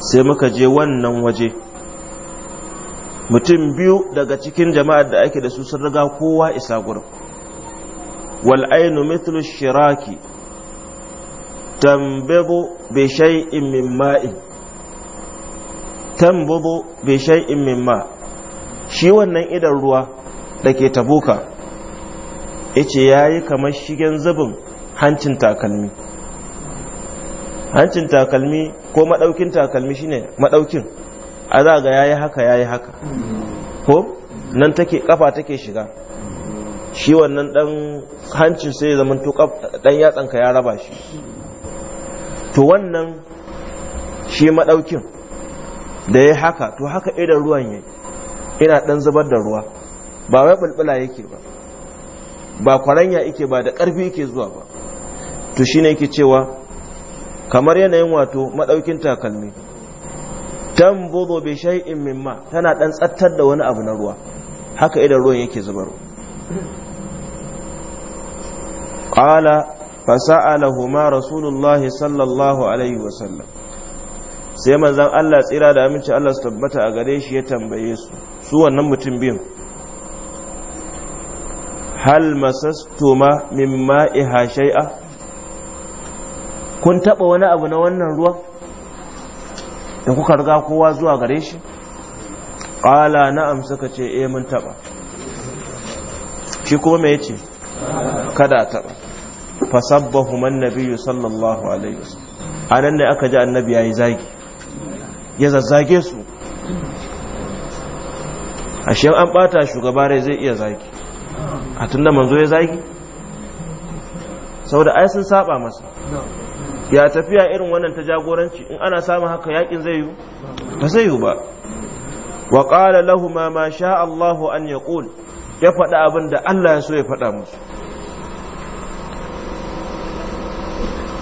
Speaker 1: sai muka je wannan waje mutum biyu daga cikin jama'ar da ake da su sun riga kowa isa gurin wal ainu mithlu shiraki tambabu bi shay'in min ma'in tambabu bi shay'in min ma shi wannan idan ruwa da ke tabuka yace yayi kamar shigen zubin hancin takalmi hancin takalmi ko madaukin takalmi shine madaukin a za ga yayi haka yayi haka ko nan take kafa take shiga shi wannan dan hancin sai ya ɗan dan yatsanka ya raba shi to wannan shi madaukin da ya haka to haka idan ruwan yayi ina dan zubar da ruwa ba wai bulbula yake ba ba kwaranya yake ba da karfi yake zuwa ba to shine yake cewa kamar yanayin wato madaukin takalmi tanfudhu bi shay'in mimma tana dan tsattar da wani abu na ruwa haka idan ruwan yake zubarwa qala fasa'alahuma rasulullahi sallallahu alaihi wasallam sai manzon Allah tsira da aminci Allah su tabbata a gare shi ya tambaye su su wannan mutum biyun hal masastuma mimma iha shay'a kun taɓa wani abu na wannan ruwan da kuka riga kowa zuwa gare shi ƙala na'am suka ce e mun taɓa shi kuma me ce kada taɓa sabbahu man nabiyyu sallallahu alaihi wasallam anan ne aka ji annabi yayi zagi ya zazzage su ashe an bata shugaba rai zai iya zagi a tunda manzo ya zagi saboda ai sun saba masa ya tafiya irin wannan ta jagoranci in ana samun haka yakin zai yi ba zai yi ba wa qala lahum ma sha Allahu an yaqul ya faɗi abin da Allah ya so ya faɗa musu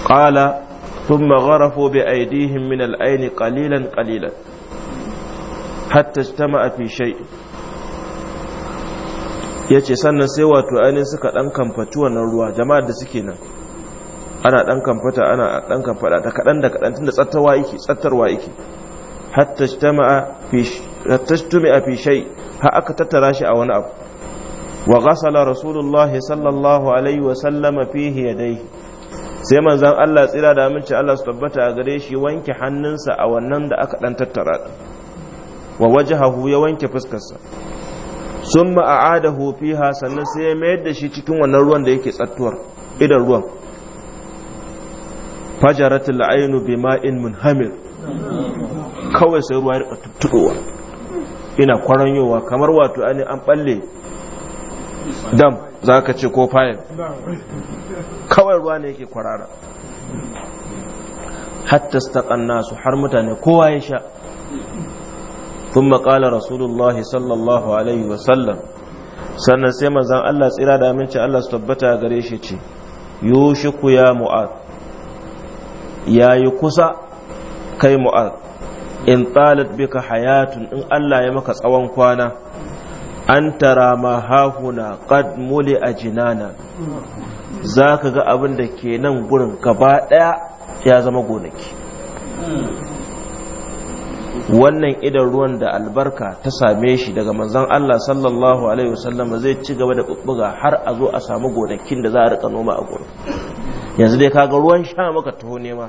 Speaker 1: qala thumma gharafu bi aydihim min al-ayn qalilan qalilan hatta ijtama'a fi shay yace sannan sai wato ainihin suka dan kamfaci wannan ruwa jama'ar da suke nan ana dan kamfata ana dan kamfada ta kadan da kadan tunda tsattawa yake tsattarwa yake hatta jtama'a fi hatta jtama'a fi shay ha aka tattara shi a wani abu wa ghasala rasulullah sallallahu alaihi wa sallama fihi yadayhi sai manzon Allah tsira da aminci Allah su tabbata a gare shi wanke hannunsa a wannan da aka dan tattara wa wajhahu ya wanke fuskarsa summa a'adahu fiha sannan sai ya mayar da shi cikin wannan ruwan da yake tsattuwar idan ruwan fajaratul ainu bima'in munhamir kawai sai ruwa ya tuttuɗowa ina kwaranyowa kamar wato ani an balle dam za ka ko fayil kawai ruwa ne yake kwarara hatta staƙan nasu har mutane kowa ya sha tun maƙala rasulullahi sallallahu alaihi wasallam sannan sai manzan allah tsira da aminci allah su tabbata gare shi ce yushiku ya mu'ad ya yi kusa kai mu'ad in talat bika hayatun in Allah ya maka tsawon kwana an tara ma qad muli a jinana za ka ga abin da ke nan gurin gaba ɗaya ya zama gonaki wannan idan ruwan da albarka ta same shi daga manzan Allah sallallahu alaihi wasallam zai ci gaba da ɓuɓɓuga har a zo a samu gonakin da za a rika noma a gurin yanzu dai kaga ruwan sha maka taho nema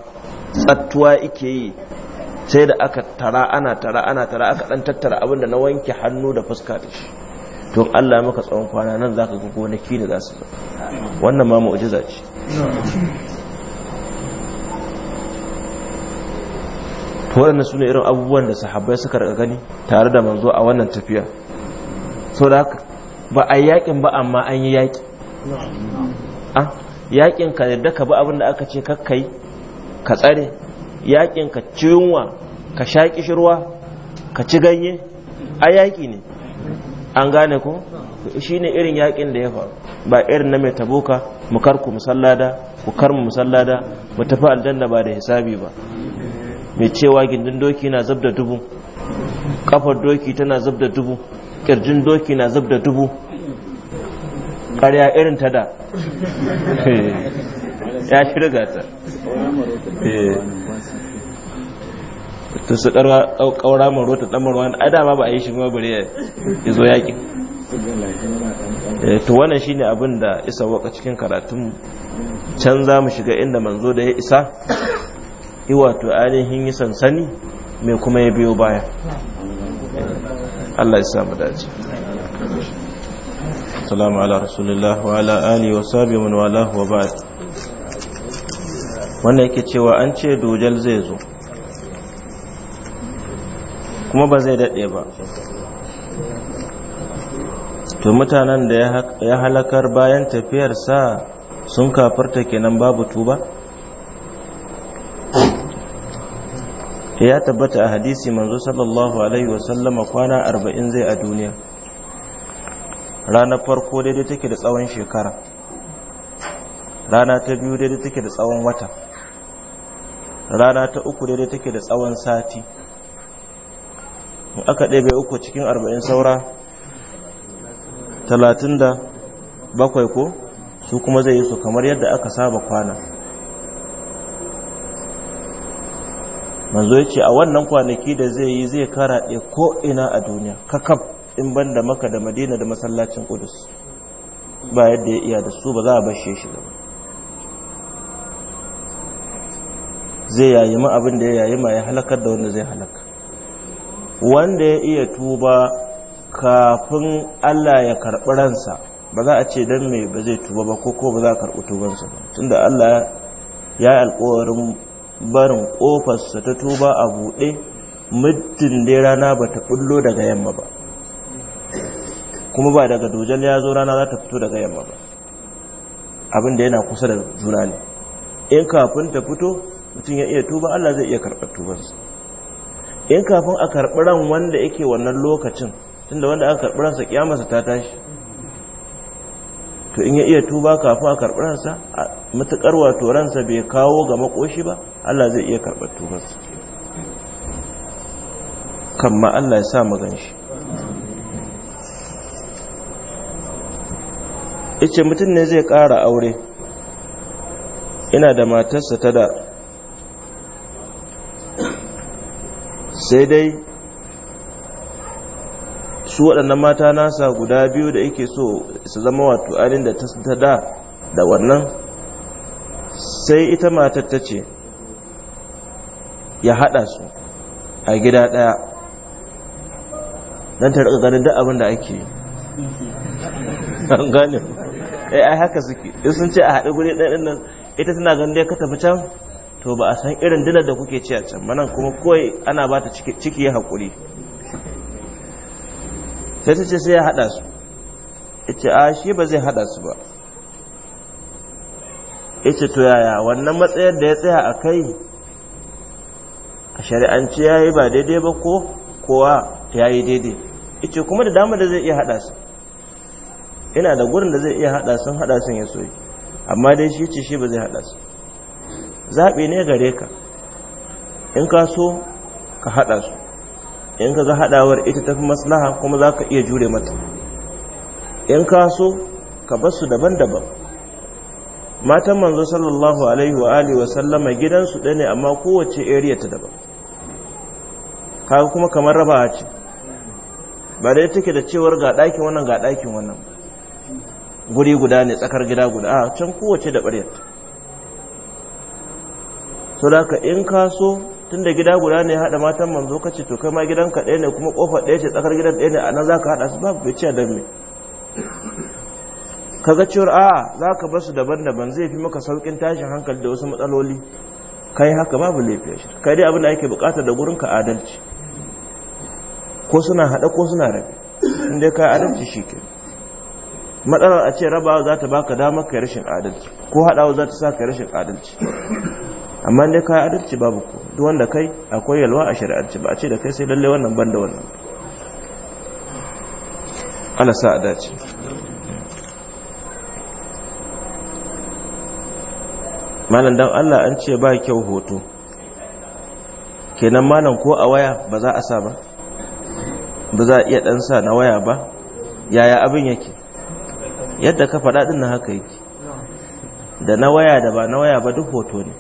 Speaker 1: tsattuwa ike yi sai da aka tara ana tara ana tara aka dan tattara abin da na wanke hannu da fuska da shi to Allah maka tsawon kwana nan zaka ga gonaki da za su zo wannan ma mu'jiza ce to waɗannan su ne irin abubuwan da sahabbai suka daga gani tare da manzo a wannan tafiya so da haka ba a yakin ba amma an yi yaki ah? yakin ka yarda ka bi abin da aka ce kakkai ka tsare yakin ka ciwuwa ka sha kishirwa ka ci ganye a yaki ne an gane ko shine irin yakin da ya faru ba irin na mai taboka mu kar ku musallada ku karmu musallada mu tafi aljanna ba da hisabi ba mai cewa gindin doki na zabda dubu kafar doki tana zabda dubu kirjin doki na zabda dubu ƙarya irin ta da ya shirga ta eh. ta su ƙaura maro ta ɗamar wani adama ba a yi shi ma bari ya zo yaƙi eh, to wannan shine abin da isa waka cikin karatun can za mu shiga inda manzo da ya isa iwato ainihin yi sansani mai kuma ya biyo baya eh, Allah ya samu dace والسلام على رسول الله وعلى آله وصحبه من والاه وبعد wanda yake cewa an ce dujal zai zo kuma ba zai daɗe ba to mutanen da ya halakar bayan tafiyarsa sun kafarta kenan babu tuba ya tabbata a hadisi manzo sallallahu alaihi wasallama kwana arba'in zai a duniya Rana farko daidai take da tsawon shekara rana ta biyu daidai take da tsawon wata rana ta uku daidai take da tsawon sati aka ɗebe uku cikin arba'in saura talatin da bakwai ko su kuma zai yi su kamar yadda aka saba kwana manzo ya ce a wannan kwanaki da zai yi zai karaɗe ko ina a duniya kakaf in ban da maka da madina da masallacin kudus ba yadda ya iya da su ba za a bashe shi ba zai yayi ma abin da ya yayi ma ya halakar da wanda zai halaka wanda ya iya tuba kafin Allah ya karɓi ransa ba za a ce don me ba zai tuba ba ko ko ba za a karɓi tubansa ba tunda Allah ya yi alƙawarin barin ƙofarsa ta tuba a buɗe muddin dai rana ba ta ɓullo daga yamma ba kuma ba daga dojan ya zo rana za ta fito daga yamma ba abin da yana kusa da juna ne in kafin ta fito mutum ya iya tuba Allah zai iya karɓar tubansa in kafin a karɓi ran wanda yake wannan lokacin tun da wanda aka karɓi ransa kiyamarsa ta tashi to in ya iya tuba kafin a karɓi ransa matuƙar wato ransa bai kawo ga makoshi ba Allah zai iya karɓar kan kamma Allah ya sa mu ganshi ice mutum ne zai ƙara aure ina da matarsa ta da sai dai su waɗannan mata nasa guda biyu da yake so su zama wato alin da ta da da wannan sai ita matar ta ce ya haɗa su a gida ɗaya don ta ganin duk abin da ake yi an gane
Speaker 2: ai
Speaker 1: eh, ai haka suke in sun ce a haɗe guri ɗaya nan ita tana ganin dai ka tafi can to ba a san irin dilar da kuke ci a can manan kuma kawai ana ba ta ciki ya haƙuri sai ta ce sai ya haɗa su ita a shi ba zai haɗa su ba ita to yaya wannan matsayar da ya tsaya a kai a shari'anci ya yi ba daidai ba ko kowa ya yi daidai ita kuma da dama da zai iya haɗa su ina da gurin da zai iya hada sun hada sun ya soyi amma dai shi ce shi ba zai hada su zaɓi ne gare ka in ka so ka hada su in ka ga hadawar ita tafi maslaha kuma za ka iya jure mata in ka so ka basu su daban-daban matan manzo sallallahu alaihi wa alihi wa sallama gidansu ɗaya amma kowace area ta daban kaga kuma kamar raba ce ba dai take da cewar ga ɗakin wannan ga ɗakin wannan guri guda ne tsakar gida guda a can kowace da ɓaryarta so da ka in ka so tun da gida guda ne haɗa matan manzo ka ce to kai ma gidan ka ɗaya ne kuma ƙofar ɗaya ce tsakar gidan ɗaya ne a nan za ka haɗa su babu bai ciya don me ka ga cewar a za ka basu daban-daban zai fi maka sauƙin tashin hankali da wasu matsaloli kai haka babu laifi shi kai dai abin da ake buƙatar da gurin ka adalci ko suna haɗa ko suna rabe inda ka adalci shi kenan matsalar a ce rabawa za ta baka dama kai rashin adalci ko haɗawa za ta sa kai rashin adalci amma dai kai adalci babu ko duk wanda kai akwai yalwa a shari'arci ba a ce da kai sai lalle wannan ban da wannan ana sa a dace malam dan Allah an ce ba kyau hoto kenan malam ko a waya ba za a sa ba ba za a iya dan sa na waya ba yaya abin yake yadda ka faɗa din na haka yake da na waya da ba na waya ba duk hoto ne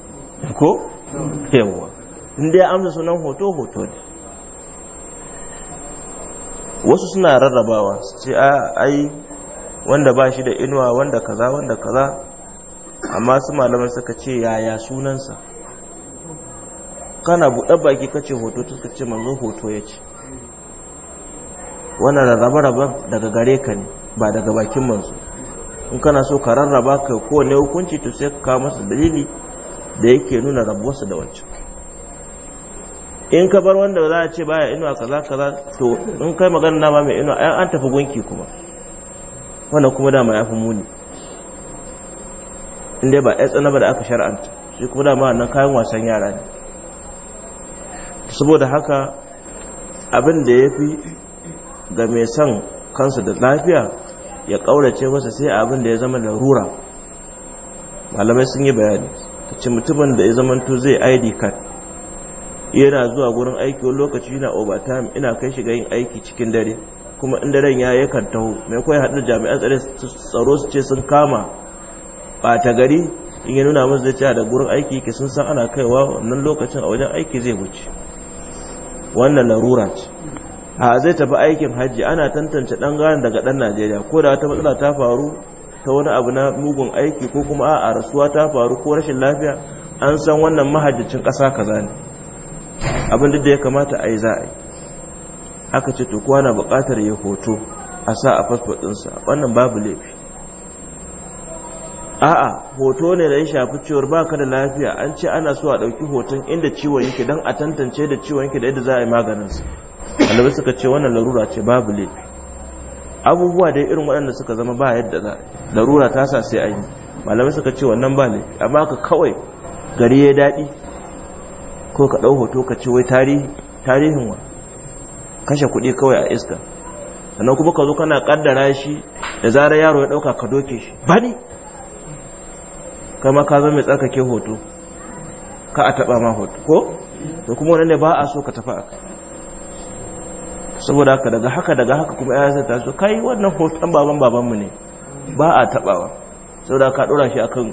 Speaker 1: ko yawwa in dai amsa sunan hoto hoto ne wasu suna rarrabawa su ce a ai wanda ba shi da inuwa wanda kaza wanda kaza amma su malaman suka ce yaya sunansa kana buɗa baki kace hoto suka ce manzo hoto ya ce wannan rarraba-raban daga gare ka ne ba daga bakin manzo in kana so ka rarraba ka kowane hukunci to sai ka kawo masa dalili da yake nuna rabuwarsa da wancan in ka bar wanda za a ce baya inuwa kaza kaza to in kai magana na ba mai inuwa ai an tafi gunki kuma wannan kuma dama ya fi muni inda ba ya tsana ba da aka shara'anta, shi kuma dama wannan kayan wasan yara ne saboda haka abin da ya fi ga mai son kansa da lafiya ya ƙaurace masa sai abin da ya zama larura malamai sun yi bayani ta ce mutumin da ya zamanto zai id card yana zuwa gurin aiki wani lokaci yana overtime ina kai shiga yin aiki cikin dare kuma inda ran ya yakan taho mai kawai haɗu jami'an tsaro su ce sun kama ɓata gari in ya nuna musu zai da gurin aiki yake sun san ana kaiwa wannan lokacin a wajen aiki zai wuce wannan larura ce a zai tafi aikin hajji ana tantance dan gane daga dan najeriya ko da wata matsala ta faru ta wani abu na mugun aiki ko kuma a rasuwa ta faru ko rashin lafiya an san wannan mahajjicin kasa kaza ne abin da ya kamata a yi za a yi aka ce to kowa na buƙatar ya hoto a sa a fasfot ɗinsa wannan babu laifi a'a hoto ne da ya shafi cewar ba ka da lafiya an ce ana so a ɗauki hoton inda ciwon yake don a tantance da ciwon yake da yadda za a yi maganinsa malamai suka ce wannan larura ce babu laifi abubuwa dai irin waɗanda suka zama ba yadda za larura ta sa sai a yi malamai suka ce wannan ba ne amma ka kawai gari ya daɗi ko ka ɗau hoto ka ce wai tarihin wa kashe kuɗi kawai a iska sannan kuma ka zo kana ƙaddara shi da zarar yaro ya ɗauka ka doke shi ba ne kama ka zama mai tsarkake hoto ka a taɓa ma hoto ko da kuma wani ne ba a so ka tafi a kai saboda haka daga haka daga haka kuma ya zai taso kai wannan hoton baban babanmu ne ba a tabawa saboda ka dora shi akan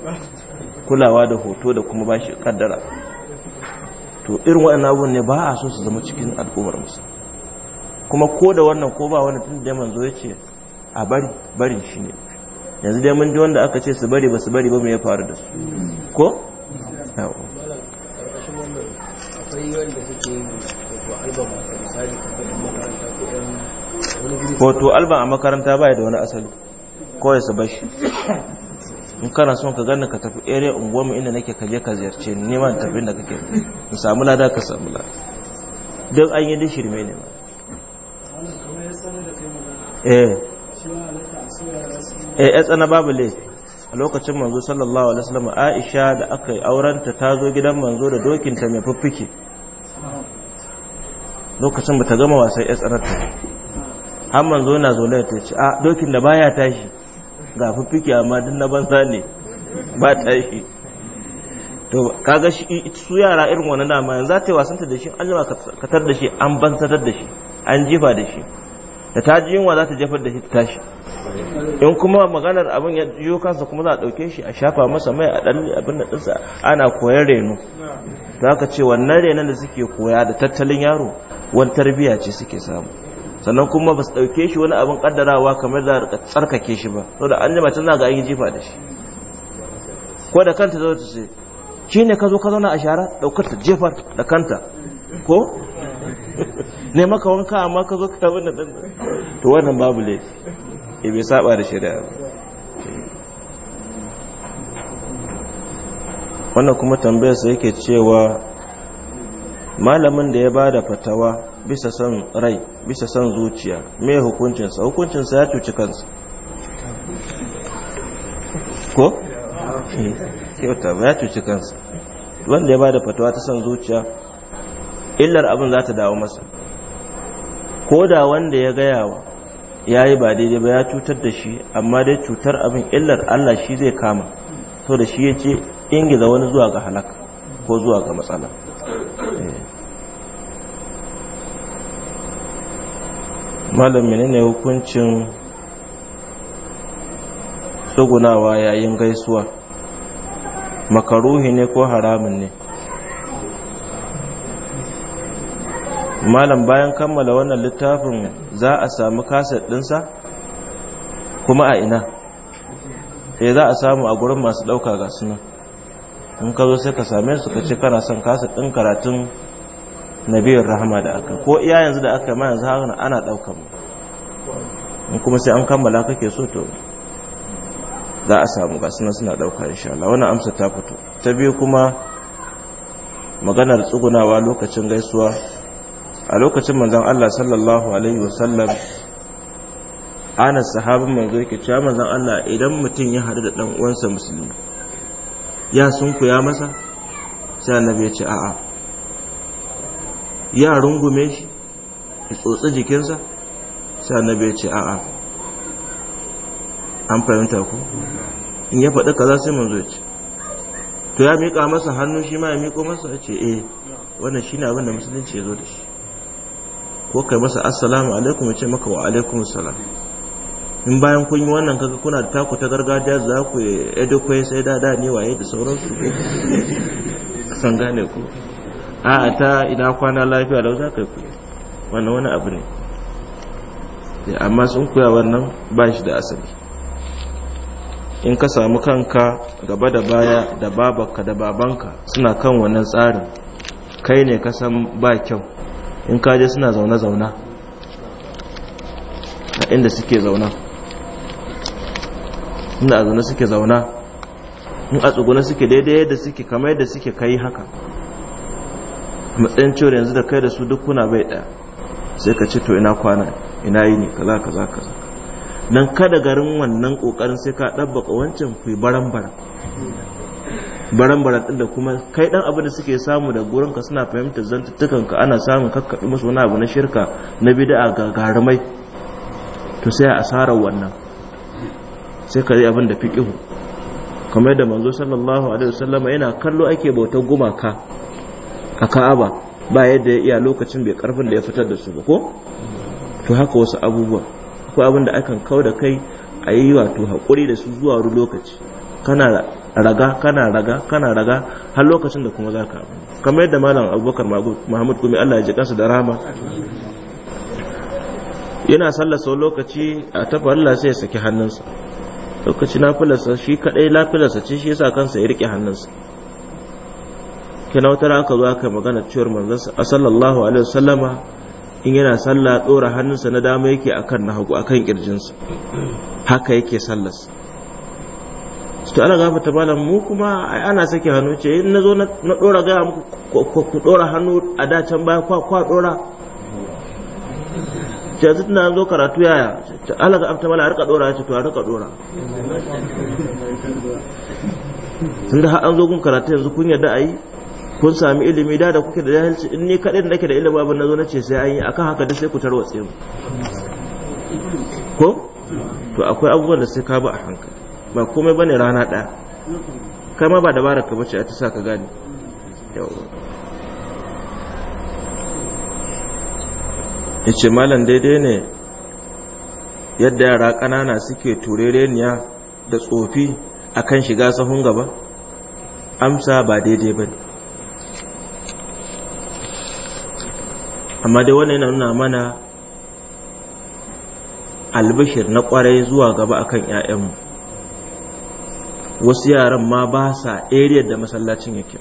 Speaker 1: kulawa da hoto da kuma ba shi kaddara to irin wannan abubuwan ne ba a so su zama cikin al'ummar musu kuma ko da wannan ko ba wani tun da manzo ya ce a bari barin shi ne yanzu dai mun ji wanda aka ce su bari ba su bari ba mu ya faru da su ko hoto alban a makaranta baya da wani asali ya su bashi in kana son ka gani ka tafi area mu inda nake kaje ka ziyarce ni neman tafin da kake mu samu lada ka samu lada duk an yi shirme ne ba
Speaker 2: eh eh
Speaker 1: ya tsana babu le, a lokacin manzo sallallahu alaihi wasallam Aisha da aka yi aurenta ta zo gidan manzo da dokin ta mai fuffike lokacin ba ta gama wasan ya ta. an zo na zo ya ce a dokin da baya tashi ga fiffike amma duk na banza ne ba tashi to kaga shi su yara irin wannan dama yanzu za ta yi wasanta da shi an jima ka tar da shi an bansatar da shi an jifa da shi da ta ji yunwa za ta jefar da shi ta tashi in kuma maganar abin ya yi kansa kuma za a ɗauke shi a shafa masa mai a ɗan abin da ɗinsa ana koyar reno za ka ce wannan renon da suke koya da tattalin yaro wani tarbiyya ce suke samu sannan kuma ba su ɗauke shi wani abin ƙaddarawa kamar da tsarkake shi ba so da an jima tana ga an yi jifa da shi ko da kanta zo ta ce shi ne ka zo ka zauna a shara ɗaukar ta jefar da kanta ko ne maka wanka amma ka zo ka wani ɗan to wannan babu laifi e bai saba da shari'a wannan kuma tambayar sai yake cewa malamin da ya ba da fatawa bisa son rai bisa son zuciya me hukuncinsa hukuncinsa ya cuci kansa ko? Eh, kyauta ba ya cuci kansa wanda ya ba da fatawa ta son zuciya illar abin za ta dawo masa ko da wanda ya gaya wa ya yi ba daidai ba ya cutar da shi amma dai cutar abin illar allah shi zai kama so da shi ya ce ingiza wani zuwa ga halaka ko zuwa ga matsala malam menene hukuncin sugunawa yayin gaisuwa makaruhi ne ko haramun ne malam bayan kammala wannan littafin za a samu kaset dinsa kuma a ina e za a samu a gurin masu ɗauka ga suna in ka zo sai ka same su ka ce kana son kaset ɗin karatun nabiyar rahama da aka ko iya yanzu da aka ma yanzu haka ana ɗaukar mu in kuma sai an kammala kake so to za a samu ga suna suna dauka insha Allah wannan amsa ta fito ta biyu kuma maganar tsugunawa lokacin gaisuwa a lokacin manzon Allah sallallahu alaihi wasallam ana sahabin manzo yake cewa manzon Allah idan mutum ya haɗu da dan uwansa musulmi ya ya masa sai annabi ya ce a'a ya rungume shi tsotsi jikinsa Sa na bai ce a'a an fahimta ku in ya faɗi kaza sai mun zoci. to ya miƙa masa hannu shi ma ya miƙo masa A ce eh wannan shi abin da musulunci ya zo da shi ko kai masa assalamu alaikum ya ce maka wa alaikum salam in bayan kun yi wannan kaga kuna da taku ta gargajiya za ku yi edo sai da da ne waye da sauransu kan gane ku a ta ina kwana lafiya lau za ka yi kuya wannan wani abu ne eh, amma sun kuya wannan ba shi da asali in ka samu kanka gaba da baya da babanka da babanka suna kan wannan tsarin kai ne ka san ba kyau in ka je suna zaune-zaune a inda suke zauna inda a zaune suke zauna in a tsugune suke daidai yadda suke kamar yadda suke kai haka matsayin cewar yanzu da kai da su duk kuna bai ɗaya sai ka ce to ina kwana ina yi ne kaza kaza kaza nan kada garin wannan kokarin sai ka ɗabbaka wancan ku barambara barambara ɗin da kuma kai ɗan abin da suke samu da gurin ka suna fahimtar zantuttukan ka ana samun kakkaɓi musu wani abu na shirka na bid'a ga garumai to sai a asarar wannan sai ka yi abin da ƙihu. kamar yadda manzo sallallahu alaihi wasallama yana kallo ake bautar gumaka a ka'aba ba yadda ya iya lokacin bai karfin da ya fitar da su ba ko to haka wasu abubuwa ko abin da akan kau da kai a yi wato haƙuri da su zuwa wani lokaci kana raga kana raga kana raga har lokacin da kuma zaka abu kamar yadda malam abubakar muhammad kuma allah ya ji kansa da rama yana sallar sau lokaci a tafar allah sai ya saki hannunsa lokaci na filarsa shi kaɗai lafilarsa ce shi yasa kansa ya riƙe hannunsa kina wata aka zo aka magana cewar manzon sallallahu alaihi wasallama in yana sallah dora hannunsa na dama yake akan na hagu akan kirjinsa haka yake sallas. to ana gafa ta malam mu kuma ana sake hannu ce in nazo na dora ga muku ku dora hannu a da can baya kwa kwa dora jazit na zo karatu yaya ta ala ga amta mala rika dora ce to a rika dora tunda har an zo gun karatu yanzu kun yadda ayi kun sami ilimi da da kuke da jahilci in ni kadai nake da ilimi abin na zo sai an yi akan haka da sai ku tarwatse mu ko to akwai abubuwan da sai ka bi a hankali ba komai bane rana ɗaya kai ma ba da ka bace a ta sa ka gane yace malam daidai ne yadda yara ƙanana suke turereniya da tsofi akan shiga sahun gaba amsa ba daidai ba amma dai wannan yana nuna mana albishir na kwarai zuwa gaba akan 'ya'yanmu wasu yaran ma ba sa area da masallacin yake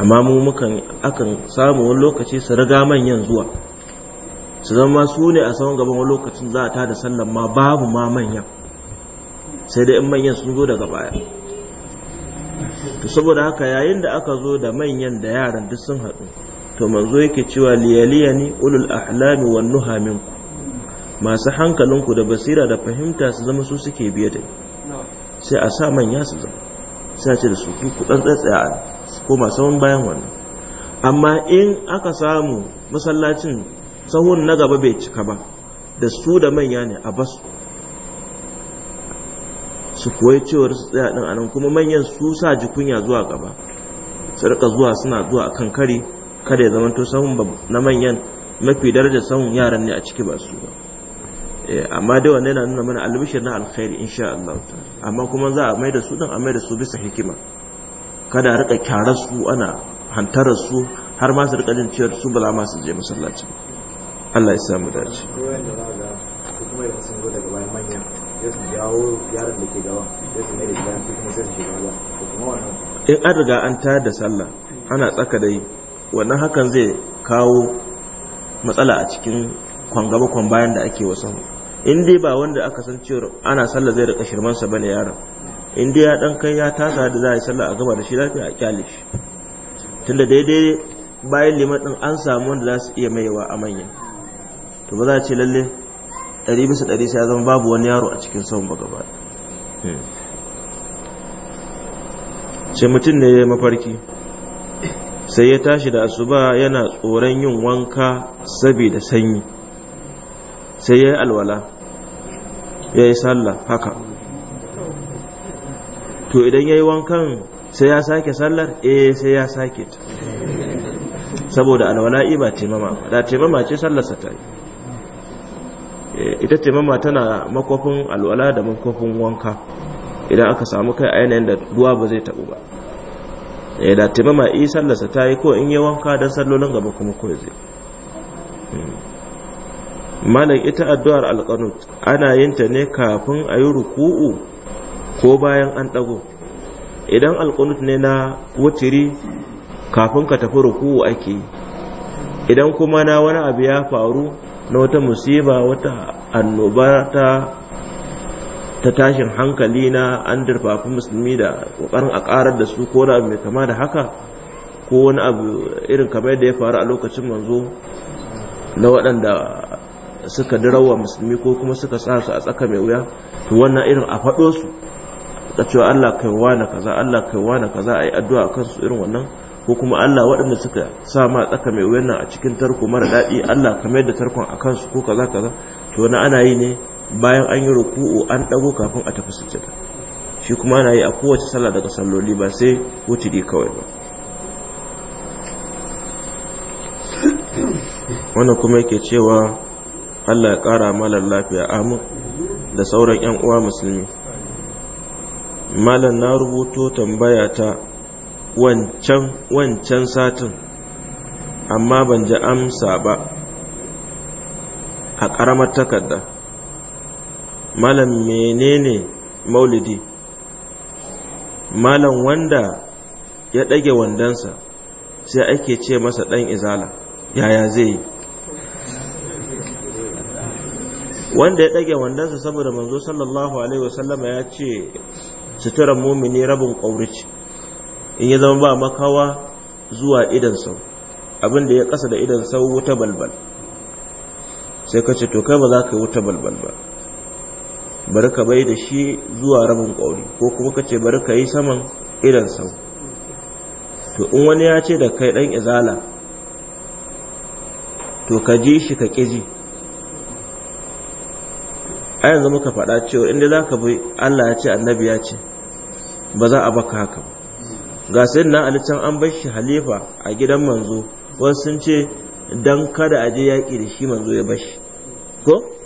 Speaker 1: amma mu mukan akan samu wani lokaci su riga manyan zuwa su zama su ne a saman gaban wani lokacin za a tada sallan ma babu ma manyan sai dai in manyan sun zo daga baya to saboda haka yayin da aka zo da manyan da yaran duk sun haɗu to manzo yake cewa liyaliya liyaliyani ulul ahlami wan nuha minku masu hankalinku da basira da fahimta su zama su suke biye da sai a sa manya su zama sai a ce da su ku kudan tsatsaya ko masu bayan wannan amma in aka samu masallacin sahun na gaba bai cika ba da su da manya ne a basu su koyi cewar su tsaya din anan kuma manyan su sa jikunya zuwa gaba sarka zuwa suna zuwa akan kare kada ya zamanto sahun na manyan mafi darajar sahun yaran ne a ciki ba su ba eh, amma dai wanda yana nuna mana albishir na alkhairi insha Allah amma kuma za a mai da su dan a mai da su bisa hikima kada rika kyarar su ana hantarar su har ma su rika jin ciyar su ba za ma su je masallaci Allah ya samu dace
Speaker 2: kuma sun zo daga bayan su jawo da ke gaba su kuma su
Speaker 1: in an riga an tayar da sallah ana tsaka da yi wannan hakan zai kawo matsala a cikin kwangaba kwan bayan da ake wasan in dai ba wanda aka san cewa ana sallah zai rika shirmansa bane yaron in dai ya dan kai ya tasa da za a yi sallah a gaba da shi lafiya a kyale shi tunda daidai bayan liman din an samu wanda za su iya maiwa a manya to ba za a ce lalle ɗari bisa ɗari sai zama babu wani yaro a cikin sauran ba gaba ce hmm. mutum ne ya yi mafarki sai ya tashi da asuba yana tsoron yin wanka saboda sanyi sai ya yi alwala ya yi sallah haka to idan ya yi wankan sai ya sake sallar eh sai ya sake ta saboda alwala alwala'i ba taimama da taimama ce sallarsa ta yi eh, ita taimama tana makofin alwala da makofin wanka idan aka samu kai a yanayin da ruwa ba zai taɓu ba ya eh, da taimama yi sallarsa ta yi ko in yi wanka don sallolin gaba kuma ko zai hmm. malam ita addu'ar alƙanut ana yin ta ne kafin a yi ruku'u ko bayan an ɗago idan alƙanut ne na wutiri kafin ka tafi ruku'u ake yi idan kuma na wani abu ya faru na wata musiba wata annoba ta ta tashin hankali na an durfafi musulmi da ƙoƙarin a ƙarar da su ko da mai kama da haka ko wani abu irin kamar da ya faru a lokacin manzo na waɗanda suka dirawa musulmi ko kuma suka sa su a tsaka mai wuya to wannan irin a faɗo su ka cewa Allah kai na kaza Allah kai na kaza yi addu'a kan su irin wannan ko kuma Allah waɗanda suka sa ma tsaka mai wuyan nan a cikin tarko mara daɗi Allah kamar da tarkon a kansu ko kaza kaza to wani ana yi ne bayan an yi ruku'u an dago kafin a tafi sujjada shi kuma ana yi a kowace sallah daga salloli ba sai wuturi kawai ba wannan kuma yake cewa Allah ya kara malar lafiya Amur da sauran 'yan uwa musulmi malam na rubuto tambaya ta wancan wancan satin amma ban ji amsa ba a ƙaramar takarda malam menene maulidi malam wanda ya ɗage wandonsa sai ake ce masa ɗan izala yaya zai wanda ya ɗage wandonsa saboda manzo sallallahu alaihi wasallama ya ce suturan mumini rabin ƙaurici in ya zama ba makawa zuwa idan sau abinda ya ƙasa da idan sau wuta balbal sai ka ce to kai ba za ka yi wuta balbal ba bari ka bai da shi zuwa rabin ƙauri ko kuma ka ce bari ka yi saman idan sau to in wani ya ce da kai ɗan izala to ka ji shi ka ƙiji a yanzu muka faɗa cewa inda za ka bi allah ya ce annabi ya ce ba za a baka haka ga sai na alican an bar shi halifa a gidan manzo wasu sun ce don kada a je yaƙi da shi manzo ya bashi ko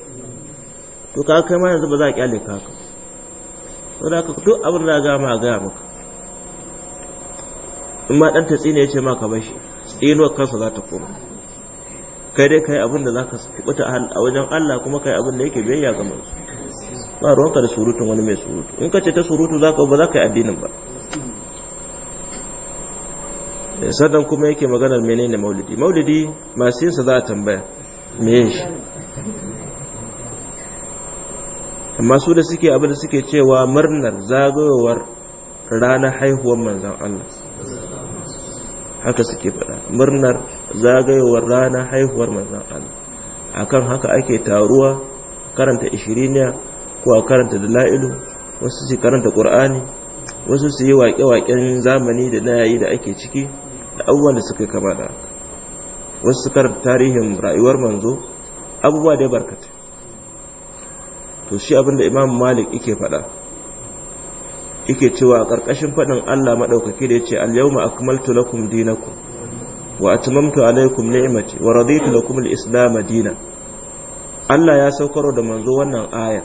Speaker 1: to ka kai ma yanzu ba za a kyale ka to da ka to abin da ga ma ga maka in ma dan tatsi ne yace ma ka bashi tsinuwar kansa za ta koma kai dai kai abin da za ka kibuta a wajen Allah kuma kai abin da yake biyayya ga mu ba ruwanka da surutun wani mai surutu in ka ce ta surutu za ka ba za ka yi addinin ba eh, sannan kuma yake maganar menene maulidi maulidi masu yinsa za a tambaya me shi amma su da suke abin da suke cewa murnar zagayowar ranar haihuwar manzan Allah haka suke faɗa murnar zagayowar ranar haihuwar manzan Allah akan haka ake taruwa karanta ishiriniya ko a karanta dala'ilu wasu su karanta ƙur'ani wasu su yi waƙe-waƙen zamani da na yayi da ake ciki da abubuwan da suka kama da wasu su karanta tarihin rayuwar manzo abubuwa dai barkata to shi abinda imam malik yake faɗa yake cewa ƙarƙashin faɗin allah maɗaukaki da ya ce alyawma akmaltu lakum dinakum wa atmamtu alaikum ni'mati wa raditu lakum al-islam dinan allah ya saukar da manzo wannan aya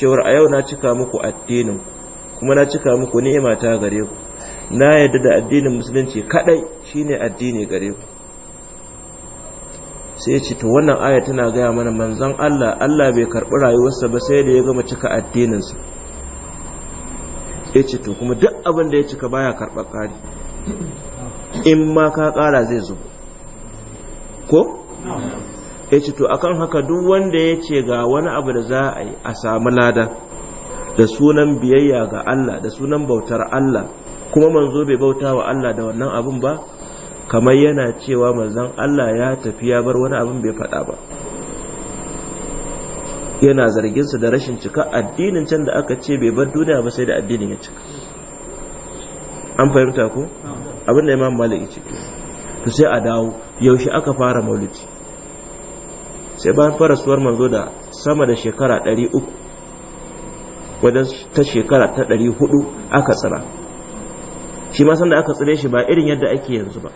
Speaker 1: cewar a yau na cika muku addinin kuma na cika muku ni'ima ta gare ku na yadda da addinin musulunci kadai shine addini gare ku sai ce to wannan aya tana gaya mana manzon Allah Allah bai karɓi rayuwarsa ba sai da ya gama cika addininsa ya ce to kuma duk abin da ya cika baya karɓar ƙari in ma ka ƙara zai zo ko? ya ce to akan haka duk wanda ya ce ga wani abu da za a yi a samu lada da sunan biyayya ga Allah da sunan bautar Allah kuma manzo bai bauta wa Allah da wannan abin ba kamar yana cewa manzon Allah ya tafi ya bar wani abin bai faɗa ba yana zargin su da rashin cika addinin can da aka ce bai bar duniya ba sai da addinin ya cika an fahimta ko abin da imam malik ce to sai a dawo yaushe aka fara maulidi sai bayan fara suwar manzo da sama da shekara 300 wajen ta shekara ta 400 aka tsira shi ma sanda aka tsire shi ba irin yadda ake yanzu ba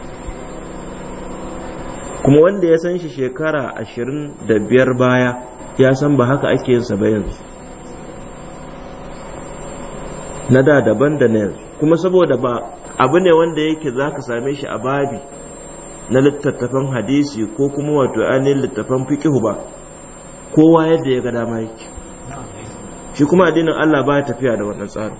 Speaker 1: kuma wanda ya san shi shekara ashirin da biyar baya ya san ba haka ake yin ba yanzu na da daban da na yanzu kuma saboda ba abu ne wanda yake za ka same shi a babi na littattafan hadisi ko kuma wato ainihin littattafan fikihu ba kowa yadda ya ga dama yake shi kuma addinin Allah ba tafiya da wannan tsarin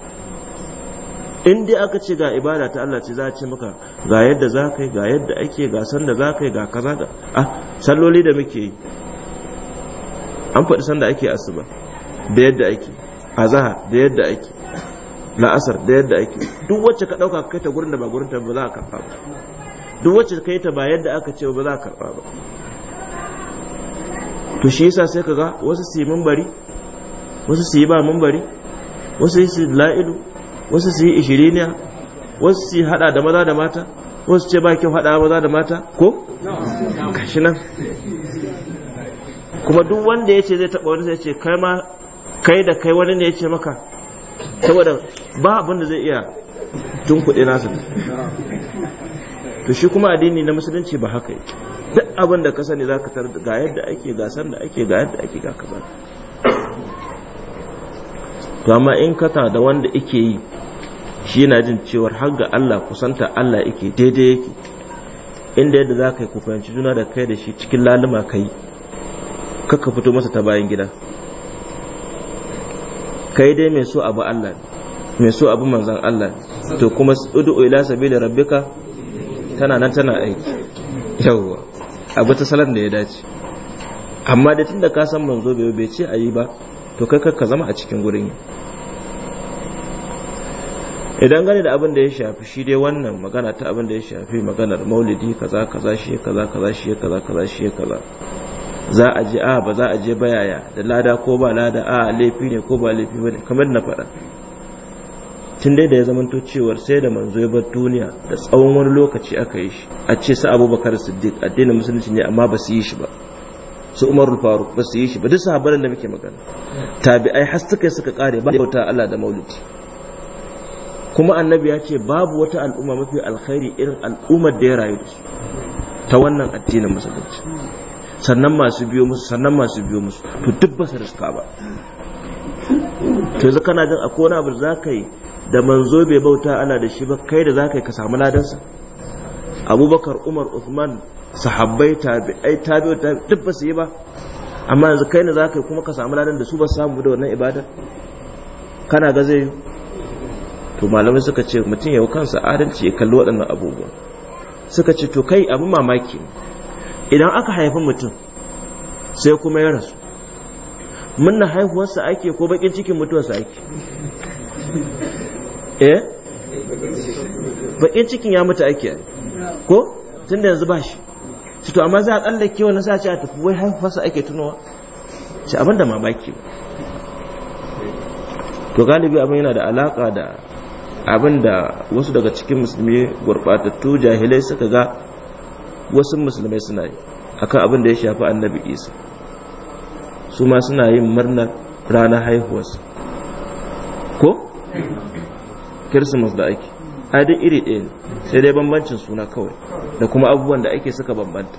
Speaker 1: in dai aka ce ga ibada ta Allah ce za a ce maka ga yadda za ka yi ga yadda ake ga sanda za ka yi ga kaza da ah salloli da muke yi an faɗi sanda ake asuba da yadda ake azaha da yadda ake la'asar da yadda ake duk wacce ka ɗauka kai ta gurin da ba gurin ta ba za a karɓa ba duk wacce kai ta ba yadda aka ce ba za a karɓa ba to shi yasa sai ka ga wasu su yi mambari wasu su yi ba mambari wasu su yi la'ilu wasu su yi ishiriniya wasu su hada da maza da mata wasu ce ba kyau hada maza da mata ko kashi nan kuma duk wanda ya ce zai taba wani sai ce kai ma kai da kai wani ne ya ce maka saboda ba abin da zai iya tun kuɗi nasu to shi kuma addini na musulunci ba haka yake duk abin da ka sani za ka tar ga yadda ake gasar da ake ga yadda ake ga kaza to amma in kata da wanda ake yi shi yana jin cewar har ga Allah kusanta Allah yake daidai yake inda yadda za ka yi ku juna da kai da shi cikin laluma ka yi kaka fito masa ta bayan gida Ka yi dai mai so abu Allah mai so abu manzan Allah to kuma ud'u ila sabili rabbika tana nan tana aiki yawwa abu ta salon da ya dace amma da tunda ka san manzo bai ce ayi ba to kai kakka zama a cikin gurin idan gane da abin da ya shafi shi dai wannan magana ta abin da ya shafi maganar maulidi kaza kaza shi kaza kaza shi kaza kaza shi kaza za a je a ba za a je bayaya da lada ko ba lada a laifi ne ko ba laifi ne kamar na faɗa tun dai da ya zamanto cewar sai da manzo ya bar duniya da tsawon wani lokaci aka yi shi a ce sa abubakar siddiq addinin musulunci ne amma ba su yi shi ba su umar rufaru ba su yi shi ba duk sahabban da muke magana tabi'ai har suka suka kare ba bauta Allah da maulidi kuma annabi ya ce babu wata al'umma mafi alkhairi irin al'ummar da ya rayu da su ta wannan addinin musulunci sannan masu biyo musu sannan masu biyo musu to duk ba su riska ba to yanzu kana jin akwai wani abu da za ka yi da manzo bai bauta ana da shi ba kai da za ka yi ka samu ladansa abubakar umar uthman sahabbai tabi'ai tabi'u tabi'u duk ba su yi ba amma yanzu kai ne za ka yi kuma ka samu ladan da su ba su samu da wannan ibada kana ga zai yi to malamai suka ce mutum yau kansa adalci ya kalli waɗannan abubuwa suka ce to kai abin mamaki idan aka haifi mutum sai kuma ya rasu munna haihuwarsa ake ko bakin cikin mutuwarsa ake eh bakin cikin ya mutu ake ko tun da yanzu ba shi cito to amma za a tsallake wani sa a tafi wai haihuwarsa ake tunowa ci abin da mamaki to galibi abin yana da alaka da Abin da wasu daga cikin musulmi gurbatattu jahilai suka ga wasu musulmai suna yi akan abin da ya shafi annabi isa su ma suna yin murnar ranar haihuwarsa ko kirsimus da ake adin iri ɗaya ne sai dai bambancin suna kawai da kuma abubuwan da ake suka bambanta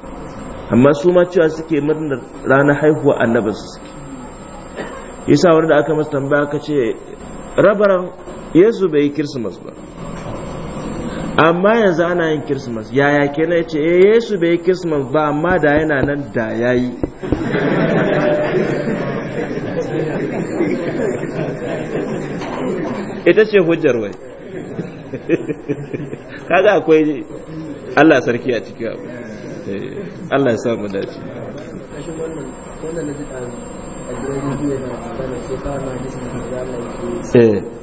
Speaker 1: amma su ma cewa suke murnar ranar haihuwa annabinsu suke sa wani da aka masu tambaya ka ce rabaran yesu bai yi kirsimas ba amma yanzu ana yin kirsimas yaya kenan ya ce eh yesu bai yi kirsimas ba amma da yana nan da ya yi ita ce hujjar wai kaga akwai Allah sarki a cikin abu eh, Allah ya mu dace
Speaker 2: wannan na ji a gidan bidiyo na na jisun da ya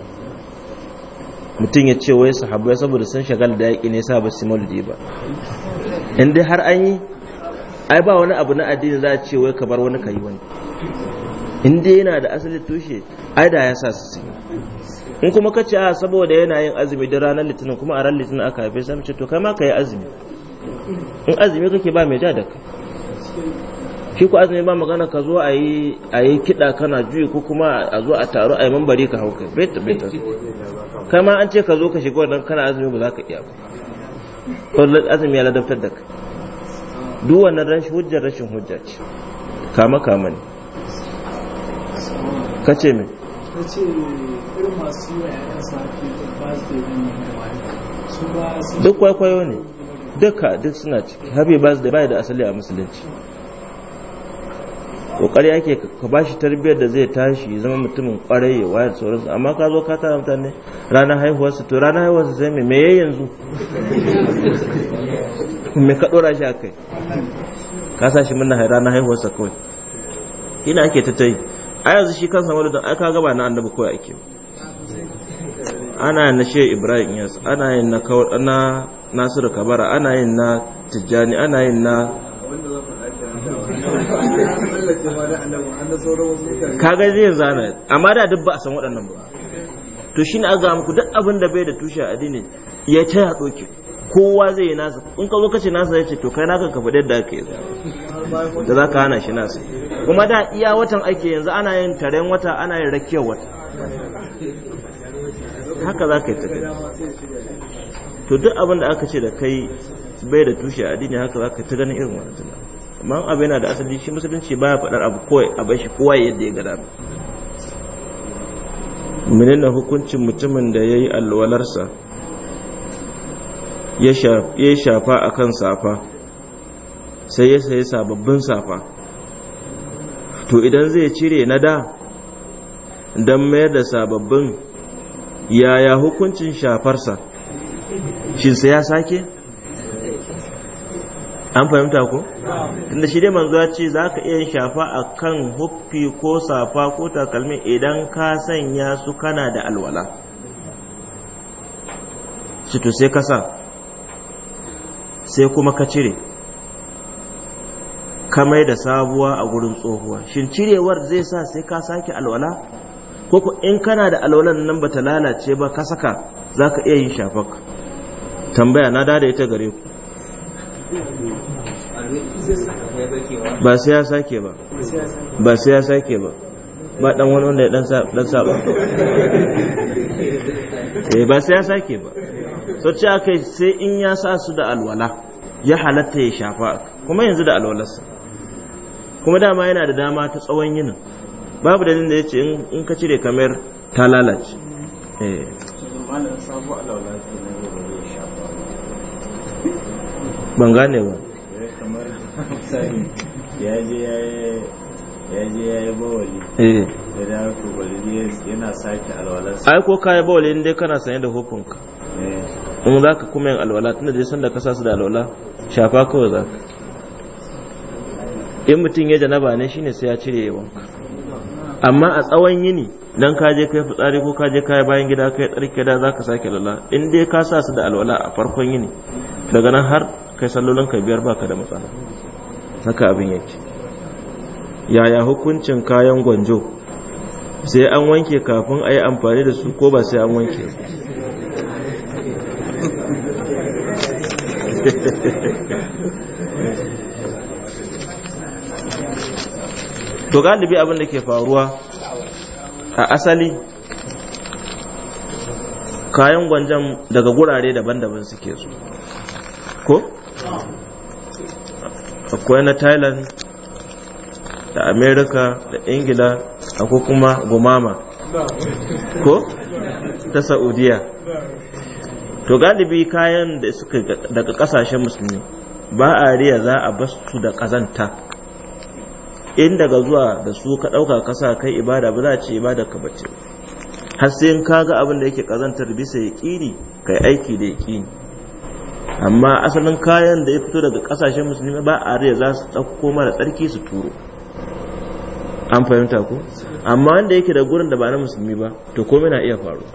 Speaker 1: mutum ya ce wai ya saboda sun shagal da yaƙi ne sa ba su maulidi ba in dai har an yi ai ba wani abu na addini za a ce wai kamar wani kayi wani in dai yana da asali tushe ai da ya sa su yi. in kuma ka ce a saboda yana yin azumi da ranar litinin kuma a ran litinin aka haife sai ce to kai ma ka yi azumi in azumi kake ba mai ja da kai shi ku azumi ba magana ka zo a yi kiɗa kana juyi ko kuma a zo a taro a yi mambari ka hauka beta beta kai ma an ce ka zo ka shiga wannan kana azumi ba za ka iya ba ko azumi ya ladabtar da ka duk wannan rashin hujjar rashin hujja ce kama kama ne ka ce min?
Speaker 2: ka ce irin masu yi a yaran sa ake ba su da yi duk
Speaker 1: kwaikwayo ne duka duk suna ciki su da bai da asali a musulunci kokari yake ka bashi tarbiyyar da zai tashi zama mutumin kwarai ya wayar sauransu amma ka zo ka tara mutane ranar haihuwarsa to ranar haihuwarsa sai me meye yanzu me ka dora shi akai ka sa shi murna ranar haihuwarsa kawai ina ake ta tai a yanzu shi kansa da don ka gaba na annabi kawai ake ana yin na shehu ibrahim yas ana yin na nasiru kabara ana yin na tijjani ana yin na kaga zai zana amma da duk ba a san waɗannan ba to shine aga muku duk abin da bai da tushe a dini ya ta ya doke kowa zai yi nasa in ka zo ce nasa ya ce to kai naka ka faɗi da aka yi da za ka hana shi nasa kuma da iya watan ake yanzu ana yin taren wata ana yin rakiyar wata
Speaker 2: haka za ka yi tafi
Speaker 1: to duk abin da aka ce da kai bai da tushe a dini haka za ka ta ganin irin wannan amma abu yana da asali shi musulunci ba ya faɗar abu kawai a bai shi kowa yadda ya gada menene hukuncin mutumin da ya yi alwalarsa ya shafa a kan safa sai ya sayi sababbin safa to idan zai cire na da don mayar da sababbin yaya hukuncin shafarsa shi sai ya sake? an fahimta ko tunda shi dai manzo ya ce za ka iya shafa a kan huffi ko safa ko takalmi idan ka sanya su kana da alwala shi to sai ka sa sai kuma ka cire ka mai da sabuwa a gurin tsohuwa shin cirewar zai sa sai ka sake alwala ko ko in kana da alwalan nan ba ta lalace ba ka saka za ka iya yin shafak tambaya na da ita gare ku
Speaker 2: ba sai ya sake ba
Speaker 1: ba sai ya sake ba ba dan wani wanda ya dan saba eh ba sai ya sake ba so ce akai sai in ya sa su da alwala ya halatta ya shafa kuma yanzu da alwalarsa kuma dama yana da dama ta tsawon yinin babu dalilin da ya ce in ka cire kamar ta lalace eh ban gane ba
Speaker 2: kamar ya je ya yi je ya yi bawali da da ku bawali yana sake alwalarsa
Speaker 1: ai ko ka yi bawali in dai kana sanye da hukunka eh. in za ka kuma yin alwala tunda dai sanda ka sa su da alwala shafa kawai za ka in mutum ya janaba ne shine sai ya cire yawan amma a tsawon yini dan ka je kai fitsari ko ka je kai bayan gida kai tsarki da zaka sake alwala. in dai ka sa su da alwala a farkon yini daga nan har kai sallolin ka biyar baka da matsala haka abin yake yaya hukuncin kayan gwanjo sai an wanke kafin a yi amfani da su ko ba sai an wanke to galibi abin da ke faruwa a asali kayan gwanjan daga gurare daban-daban suke su ko akwai na thailand da america da ingila akwai kuma gumama
Speaker 2: ko ta saudiya
Speaker 1: to galibi kayan da suka daga kasashen musulmi ba a riya za a bas su da kazanta in daga zuwa da su ka ɗauka kasa kai ibada ba za a ce ibada ka bace har sai ka ga abin da yake kazantar bisa ya kiri kai aiki da ya ƙini amma asalin kayan da ya fito daga kasashen musulmi ba a riya za su ɗauko mara tsarki su turo an fahimta ko amma wanda yake da gurin da ba na musulmi ba to komai na iya faru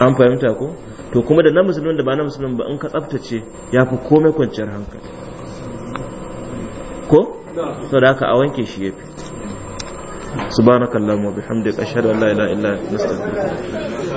Speaker 1: an fahimta ko to kuma da na musulmi da ba na musulmin ba in ka tsaftace ya fi komai kwanciyar hankali ko sau da aka a wanke shi ya fi subhanakallahumma bihamdika ashhadu an la ilaha illa anta astaghfiruka